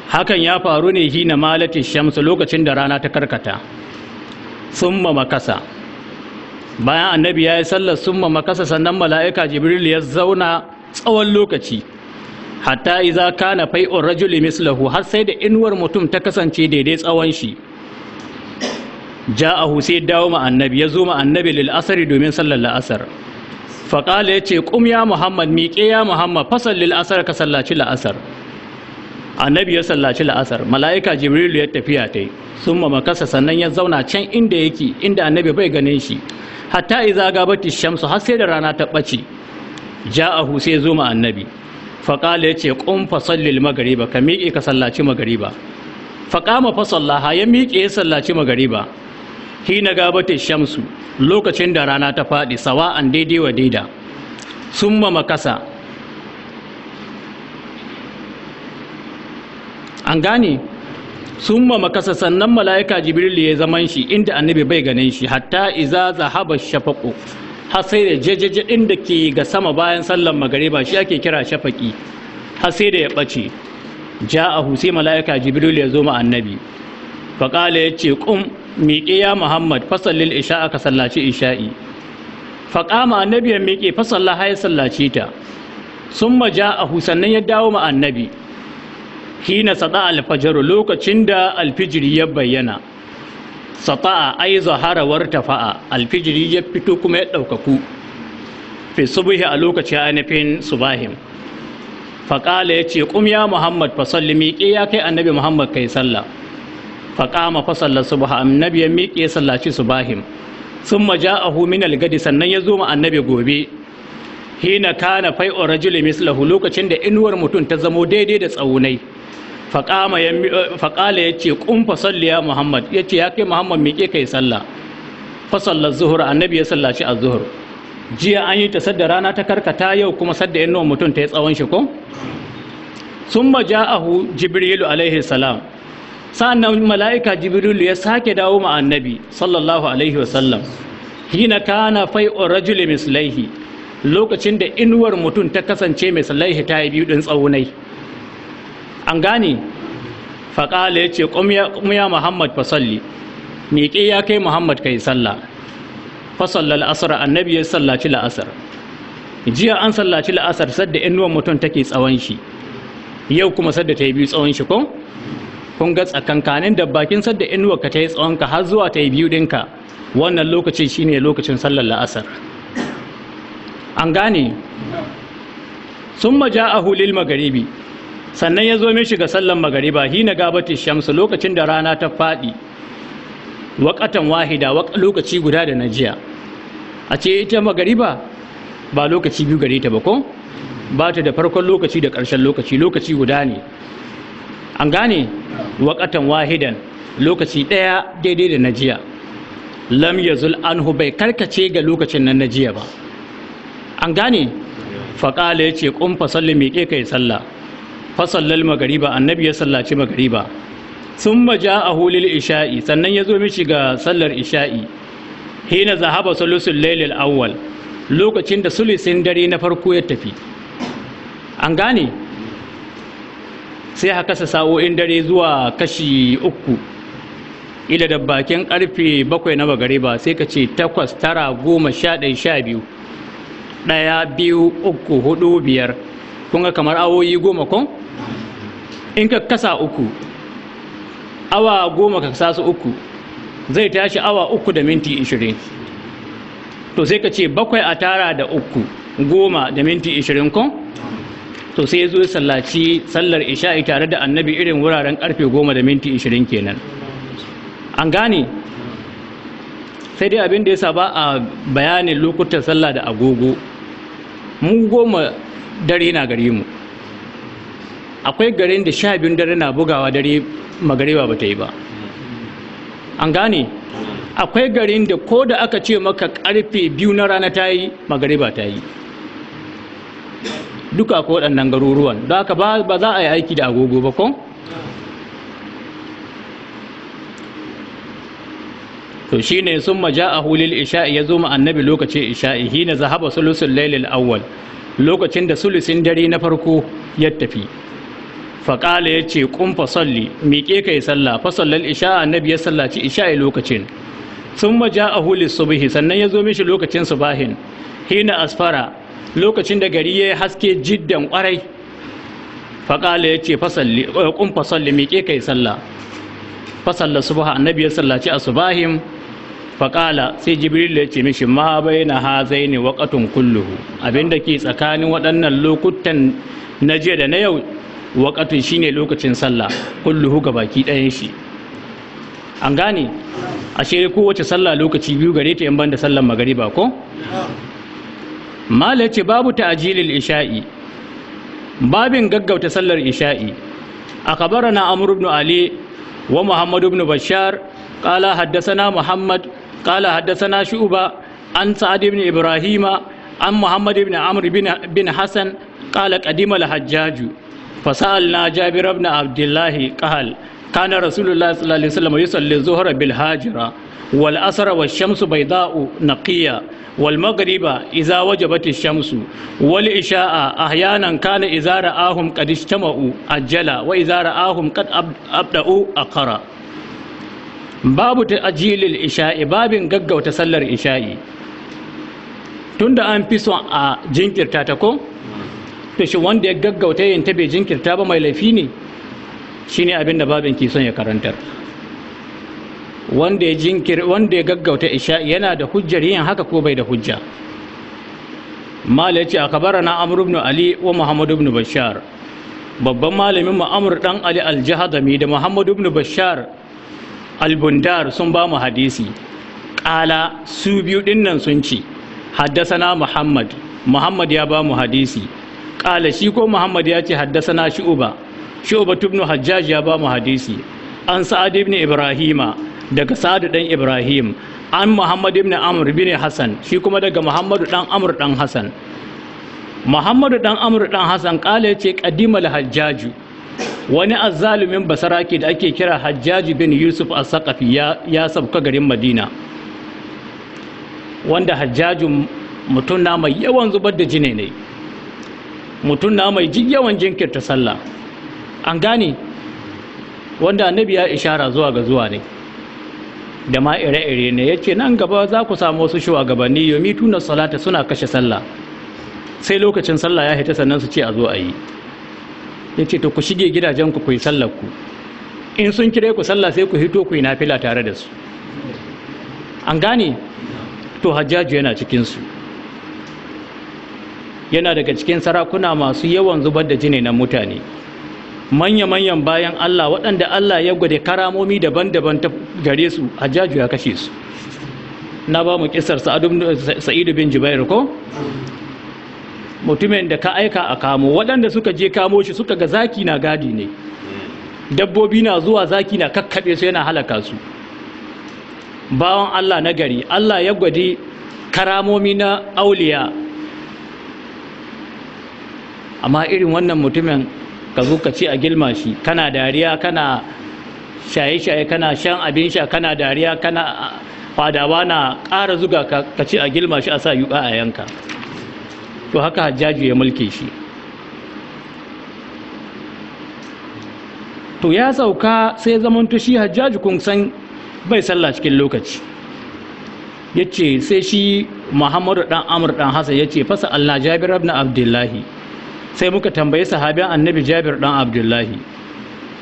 hakan ya faru ne na malati shamsu lokacin da rana ta karkata summa makasa bayan annabi ya yi sallar summa makasa sannan mala'ika jibril ya zauna tsawon lokaci hatta iza kana fai'un rajuli mislahu har sai da inuwar mutum ta kasance daidai tsawon shi ja'ahu sai dawo ma annabi ya zo ma annabi domin sallar la'asar faƙala ya ce ƙum ya muhammad miƙe ya muhammad fasal lil ka sallaci la'asar annabi ya sallaci la'asar mala'ika jibrilu ya tafiya ta yi sun makasa sannan ya zauna can inda yake inda annabi bai ganin shi hatta iza gabati shamsu har sai da rana ta ɓace ja'ahu sai zo ma annabi faƙala ya ce ƙum fasallil magariba ka miƙe ka sallaci magariba faƙama fasallaha ya miƙe ya sallaci magariba hina gabata shamsu lokacin da rana ta faɗi sawa'an daidai wa daida sun makasa an gane sun makasa sannan mala'ika jibril ya zaman shi inda annabi bai ganin shi hatta iza zahaba shafaƙo har sai da jajaja da ke ga sama bayan sallan magariba shi ake kira shafaƙi har sai da ya ɓace ja'ahu sai mala'ika jibril ya zo ma annabi faƙala ya ce ƙum miƙe ya muhammad isha isha ka sallaci isha'i faƙama annabi ya miƙe fasalla ya sallaci ta sun maja a sannan ya dawo ma annabi hina sata alfajaru lokacin da alfijiri ya bayyana sata ai zaharawar tafa'a alfijiri ya fito kuma ya ɗaukaku fi subuhi a lokacin ainihin subahim faƙala ya ce ƙum muhammad fasalli miƙe ya kai annabi muhammad kai sallah faƙama fasallar subha annabi ya miƙe ya sallaci subahim sun maja'ahu min algadi sannan ya zo annabi gobe hina kana fai rajuli mislahu lokacin da inuwar mutum ta zamo daidai da tsaunai faƙama ya faƙala ya ce kun fasalli ya muhammad ya ce ya kai muhammad miƙe kai sallah fasallar zuhur annabi ya sallaci zuhur. jiya an yi ta sadda rana ta karkata yau kuma sadda inuwar mutum ta yi tsawon shi ko sun maja'ahu jibrilu alaihi salam sa'annan mala'ika jibril ya sake dawo ma annabi sallallahu alaihi wasallam hina kana fai'ur rajuli mislaihi lokacin da inuwar mutum ta kasance mislaihi ta yi biyu din tsaunai an gane faƙala ya ce ƙumya muhammad fasalli miƙe ya kai muhammad kai sallah fasallar asar annabi ya sallaci la'asar jiya an sallaci la'asar sadda inuwar mutum take tsawon shi yau kuma sadda ta yi biyu tsawon shi ko kun ga tsakankanin da bakin sadda inuwa ka ta yi tsawon har zuwa ta yi biyu dinka. wannan lokaci shine lokacin sallar la'asar an gane sun maja a hulil magaribi sannan ya zo min shiga sallar magariba hina gabatin shamsu lokacin da rana ta faɗi waƙatan wahida lokaci guda da na jiya a ce ita magariba ba lokaci biyu gare ta ba ko ba ta da farkon lokaci da ƙarshen lokaci lokaci guda ne an gane waƙatan wahidan lokaci ɗaya daidai da na jiya lam yazul anhu bai karkace ga lokacin nan na jiya ba an gane faƙala ya ce ƙumfa salli miƙe ka yi sallah fasallar magariba annabi ya sallaci magariba sun maja a hulil isha'i sannan ya zo mishi ga sallar isha'i hina zahaba sulusun lailil awwal lokacin da sulisin dare na farko ya tafi an gane sai haka sa sa'o'in dare zuwa kashi uku ila da bakin karfe bakwai na ba sai ka ce takwas tara goma sha ɗaya sha biyu ɗaya biyu uku hudu biyar kun kamar awoyi goma kun in ka kasa uku awa goma ka kasa su uku zai tashi awa uku da minti ishirin to sai ka ce bakwai a tara da uku goma da minti ishirin kun to sai ya zo ya sallaci sallar isha'i tare da annabi irin wuraren karfe goma da minti ishirin kenan an gane sai dai abin da ya saba a bayanin lokutan sallah da agogo mu goma dare na gare mu akwai garin da sha biyun dare na bugawa dare magarewa ba ta yi ba an gane akwai garin da ko da aka ce maka karfe biyu na rana ta yi magariba ta yi duka ko waɗannan garuruwan don haka ba za a yi aiki da agogo ba ko to shi ne sun maja a hulil isha'i ya zo ma annabi lokacin isha'i hina zahaba sulusun lailil awwal lokacin da sulusun dare na farko ya tafi faƙala ya ce ƙun salli miƙe ka yi sallah fasallar isha'a annabi ya sallaci isha'i lokacin sun maja a hulil subihi sannan ya zo mishi lokacin subahin hina asfara lokacin da gari ya haske jiddan kwarai faƙala ya ce kun eh, fasalli miƙe kai sallah fasalla subha annabi ya sallaci asubahim faƙala sai jibril ya ce mishi ma zai ne waƙatun kulluhu abinda ke tsakanin waɗannan lokutan na jiya da na yau shi ne lokacin sallah kulluhu ga baki ɗayan shi an gane A ashe kowace sallah lokaci biyu gare ta ban banda sallar magariba ko mala ce babu ta'jilil isha'i babin gaggauta sallar isha'i A akabarana amr ibn ali wa muhammad ibn bashar qala haddathana muhammad qala haddathana shu'ba an sa'ad ibn ibrahima an muhammad ibn amr bin hasan qala qadima al-hajjaj fasalna jabir ibn abdullah qal kana rasulullah sallallahu alaihi wasallam yusalli dhuhra bil hajira wal asra wash shamsu bayda'u naqiya wal maghriba izawaje wajabat ash-shamsu wal isha'a ahyanan kana idza ra'ahum qad ijtama'u ajjala wa idza ra'ahum qad abda'u aqara babu ta'jilil isha'i babin gaggauta sallar isha'i tunda an fi son a jinkirta ta ko to shi wanda ya gaggauta yin ta bai jinkirta ba mai laifi ne shine abin da babin ke son ya karantar wanda ya jinkir wanda ya gaggauta isha yana da hujjar yin haka ko bai da hujja a yace na amr ibn ali wa muhammad ibn bashar babban malamin mu ɗan dan ali al da muhammad ibn bashar al-bundar sun ba mu hadisi qala su biyu dinnan sun ci haddasana muhammad muhammad ya ba mu hadisi qala shi ko muhammad ya ce haddasana shu'ba shu'ba ibn hajjaj ya ba mu hadisi an sa'ad ibn ibrahima daga sa'adu dan ibrahim an muhammadu ibn amr bin hassan shi kuma daga muhammadu dan amr dan hassan muhammadu dan amr dan hassan kala ce qadimal hajjaju wani azzalumin basaraki da ake kira hajjaji bin yusuf as-saqafi ya ya sabka garin madina wanda hajjajun mutum na mai yawan zubar da jini ne mutum na mai yawan jinkirta sallah an gane wanda annabi ya ishara zuwa ga zuwa ne da ma ire-ire ne ya ce nan gaba za ku samu wasu shugabanni yomi tuna salata suna kashe sallah sai lokacin sallah ya hita sannan su ce a zo a yi ya ce to ku shige gidajen ku sallar ku in sun kire ku sallah sai ku hito ku yi nafila tare da su an gane to hajjaju yana cikinsu yana daga cikin sarakuna masu yawan zubar da jini na mutane manya-manyan bayan Allah waɗanda Allah ya gwada karamomi daban-daban ta gare su hajjaju ya kashe su na ba mu kisar sa'idu bin jubair ko mutumin da ka aika a kamo waɗanda suka je kamo shi suka ga zaki na gadi ne dabbobi na zuwa zaki na kakkaɓe su yana halaka su bawan Allah na gari Allah ya gwade karamomi na auliya amma irin wannan mutumin ka zo ka ce a gilma shi kana dariya kana shaye-shaye kana shan abin sha kana dariya kana fadawa na ƙara zuga ka ce a gilma shi a sa yuƙa a yanka to haka hajjaji ya mulke shi to ya sauka sai zamanto shi hajjaji kun san bai sallah cikin lokaci ya ce sai shi muhammadu ɗan amur ɗan hassan ya ce fasa allah jabir ibn abdullahi sai muka tambayi sahabin annabi jabir dan abdullahi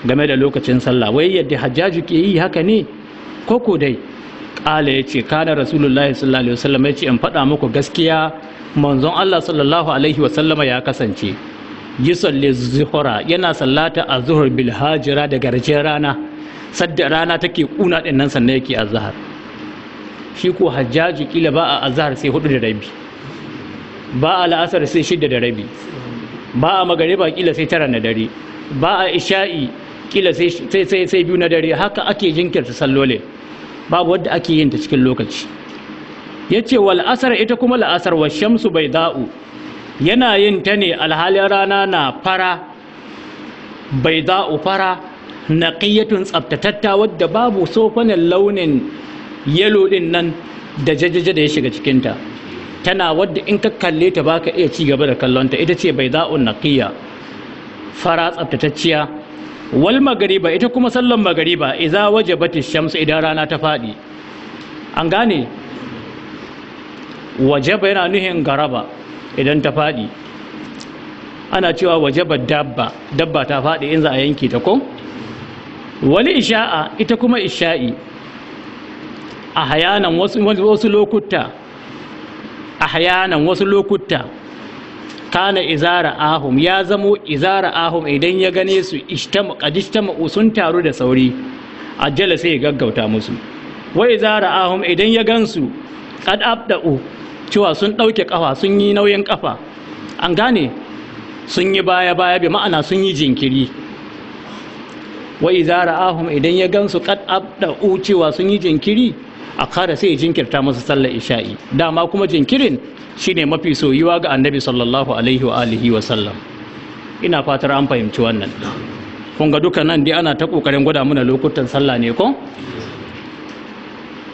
game da lokacin sallah wai yadda hajjaju ke yi haka ne koko dai ƙala ya ce kana rasulullahi sallallahu alaihi wasallam ya ce in faɗa muku gaskiya manzon allah sallallahu alaihi wasallam ya kasance salli zuhura yana sallata a zuhur Bilhajira da garjin rana sadda rana take kuna din nan sannan yake azhar shi ko hajjaji kila ba a azhar sai hudu da rabi ba a la'asar sai shida da rabi ba a magariba kila sai tara na dare ba a isha'i kila sai sai sai biyu na dare haka ake jinkirta sallole, babu wadda ake yin ta cikin lokaci ya ce wal asar ita kuma la'asar wa shamsu bai da'u yana yin ta ne alhalin rana na fara bai da'u fara naƙiyyatun ƙiyyatun tsabtatatta wadda babu sofanin launin yalo din nan da jajjaje da ya shiga cikinta tana wadda in ka kalle ta ka iya ci gaba da kallonta ita ce bai za'un naqiya fara tsaftatacciya wal magariba ita kuma sallan magariba idza wajabat ash-shams idan rana ta fadi an gane wajaba yana nuhin garaba idan ta fadi ana cewa wajaba dabba dabba ta fadi in za a yanke ta ko wali isha'a ita kuma isha'i a hayanan wasu lokuta ahyanan wasu lokuta kana izara ahum ya zamo izara ahum idan ya gane su qadistama'u sun taru da sauri ajala sai ya gaggauta musu wa izara ahum idan ya gansu qad abda'u cewa sun dauke kafa sun yi nauyin kafa an gane sun yi baya baya bi ma'ana sun yi jinkiri wa izara ahum idan ya gansu qad abda'u cewa sun yi jinkiri a kara sai jinkirta masa sallar isha'i dama kuma jinkirin shine mafi soyuwa ga annabi sallallahu alaihi wa alihi wa sallam ina fatar an fahimci wannan kun ga duka nan dai ana ta kokarin gwada mana lokutan sallah ne ko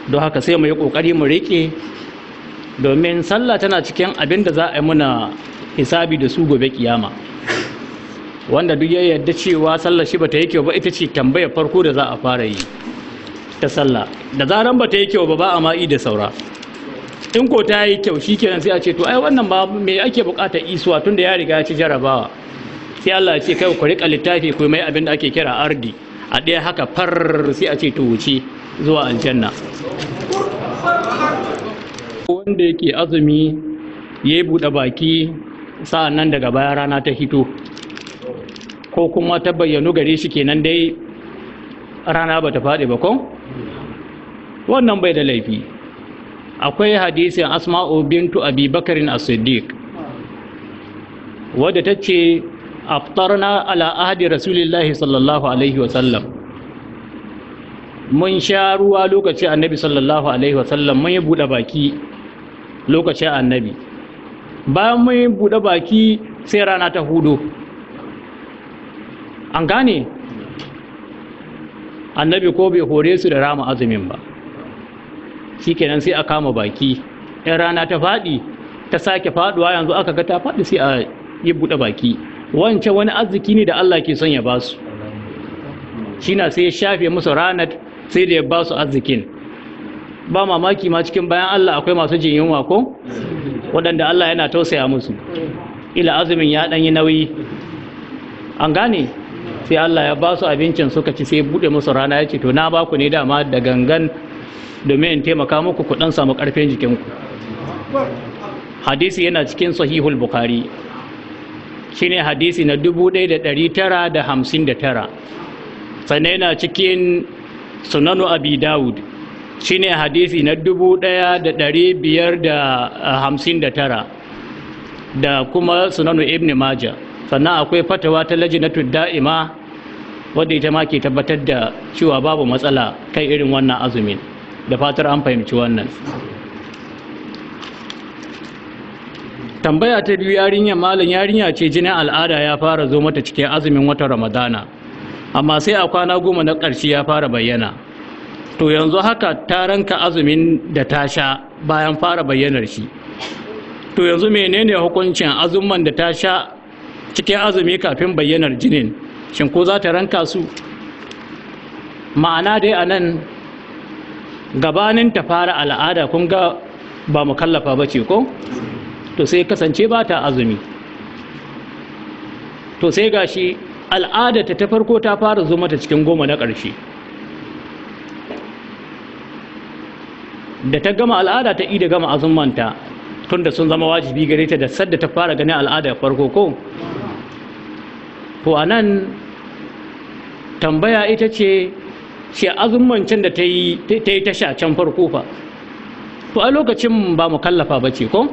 don haka sai mu yi kokari mu rike domin sallah tana cikin abin da za a yi muna hisabi da su gobe kiyama wanda duk ya yarda cewa sallar shi bata yi kyau ba ita ce tambayar farko da za a fara yi ta sallah da zaran ba ta yi kyau ba ba a ma'i da saura in ko ta yi kyau shi kenan sai a ce to ai wannan ba me ake bukatar isuwa tun da ya riga ya ci jarabawa sai Allah ya ce kai ku rika littafi ku mai abin da ake kira ardi a ɗaya haka far sai a ce to wuce zuwa aljanna wanda yake azumi ya buɗe baki sa'an nan daga baya rana ta hito ko kuma ta bayyanu gare shi kenan dai rana ba ta faɗi ba ko wannan bai da laifi akwai hadisin asma'u bintu abi bakarin as-siddiq wadda ta ce aftarna ala ahadi rasulillahi sallallahu alaihi wasallam mun sha ruwa lokacin annabi sallallahu alaihi wasallam mun yi buɗe baki lokacin annabi bayan mun yi buɗe baki sai rana ta hudu an gane annabi ko bai hore su da rama azumin ba shi kenan sai a kama baki in rana ta faɗi ta sake faɗuwa yanzu aka ga ta faɗi sai a yi buɗe baki wancan wani arziki ne da Allah ke son ya ba su shi na sai ya shafe musu ranar sai da ya ba su arzikin ba mamaki ma cikin bayan Allah akwai masu jin yunwa ko waɗanda Allah yana tausaya musu ila azumin ya yi nauyi an gane sai Allah ya ba su abincin suka ci sai bude musu rana ya ce to na ba ku ne dama da gangan domin in taimaka muku ku dan samu karfin jikinku hadisi yana cikin sahihul bukhari shine hadisi na 1959 sannan yana cikin sunanu abi daud shine hadisi na 1559 da kuma sunanu ibn majah sannan akwai fatawa ta Laji na da'ima wadda ita ma ke tabbatar da cewa babu matsala kai irin wannan azumin da fatar an fahimci wannan tambaya ta biyu yarinya malam yarinya ce jinin al'ada ya fara zo mata cikin azumin wata ramadana amma sai a kwana goma na ƙarshe ya fara bayyana to yanzu haka ta ranka azumin da ta sha bayan fara bayyanar shi to yanzu menene hukuncin azumman da ta sha cikin azumi kafin bayyanar jinin shin ko za ta ranka su ma'ana dai anan nan gabanin ta fara al'ada kun ga ba mu kallafa ba ce ko to sai kasance ba ta azumi to sai gashi al'ada ta ta farko ta fara zo mata cikin goma na ƙarshe da ta gama al'ada ta da gama azumanta tunda sun zama wajibi gare ta da sadda ta fara ganin al'ada farko ko to anan tambaya ita ce shi azummancin da ta yi tasha can farko fa to a lokacin ba mu kallafa ba ce ko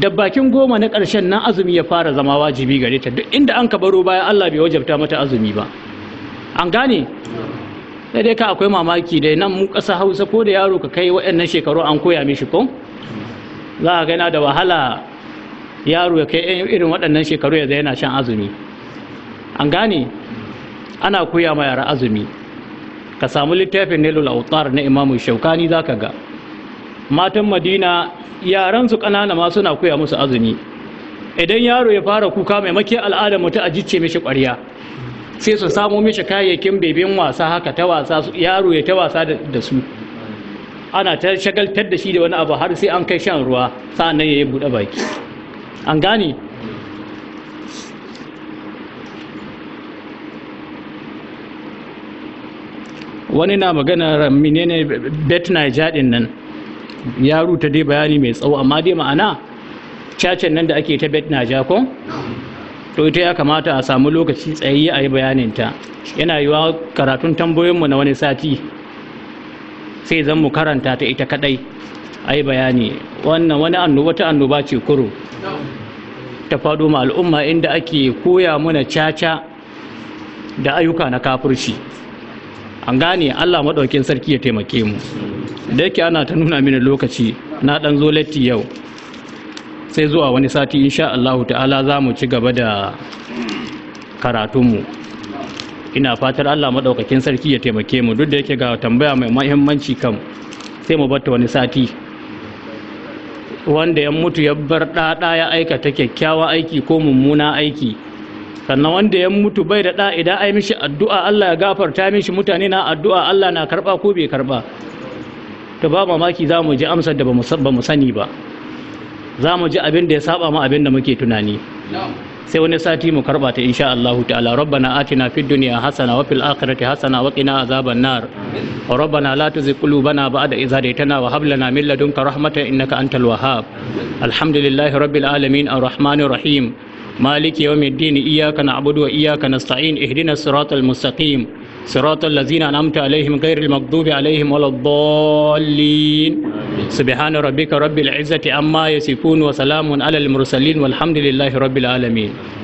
da bakin goma na ƙarshen nan azumi ya fara zama wajibi gare ta duk inda an ka baro bayan Allah bai wajabta mata azumi ba an gane sai dai ka akwai mamaki da nan mu ƙasa hausa ko da yaro ka kai waɗannan shekaru an koya mishi ko za a gaina da wahala yaro ya kai irin waɗannan shekaru ya yana shan azumi an gane ana koya ma yara azumi ka samu littafin Nilo lautar na imamu shaukani za ka ga matan madina yaran su ƙanana ma suna koya musu azumi idan yaro ya fara kuka maki al'adar mutu a jicce mishi ƙwarya sai su samo mishi kayayyakin bebin wasa haka ta wasa yaro ya ta wasa da su ana ta shagaltar da shi da wani abu har sai an kai shan ruwa sa'annan ya yi buɗe baki an gane wani na magana ne bet niger din nan ya ruta dai bayani mai tsawo amma dai ma'ana cacen nan da ake ta bet niger ko to ita ya kamata a samu lokaci tsayi a yi bayaninta yana yiwa karatun tambayoyinmu na wani sati sai zan mu karanta ta ita kadai ai bayani wannan wani annoba ta annoba ce kuro ta faɗo ma al'umma inda ake koya mana caca da ayyuka na kafirci an gane allah maɗaukin sarki ya taimake mu da yake ana ta nuna mini lokaci na ɗan zo latti yau sai zuwa wani sati insha allahu ta'ala za mu ci gaba da karatunmu ina fatar Allah maɗaukakin sarki ya taimake mu duk da yake ga tambaya mai mahimmanci kan sai mu bata wani sati wanda ya mutu ya bar ɗaɗa ya aikata kyakkyawa aiki ko mummuna aiki sannan wanda ya mutu bai da ɗa idan ai mishi addu'a Allah ya gafarta mishi mutane na addu'a Allah na karɓa ko bai karɓa to ba mamaki za mu ji amsar da ba mu sani ba za mu ji abin da ya saba mu abin da muke tunani sai wani sati mu karba ta insha Allah ta'ala rabbana atina fid dunya hasana wa fil akhirati hasana wa qina azaban nar rabbana la tuzigh qulubana ba'da idh hadaytana wa hab lana min ladunka rahmatan innaka antal wahhab alhamdulillahi rabbil alamin arrahmanir rahim maliki yawmiddin iyyaka na'budu wa iyyaka nasta'in ihdinas siratal mustaqim صراط الذين أنعمت عليهم غير المغضوب عليهم ولا الضالين سبحان ربك رب العزة عما يصفون وسلام على المرسلين والحمد لله رب العالمين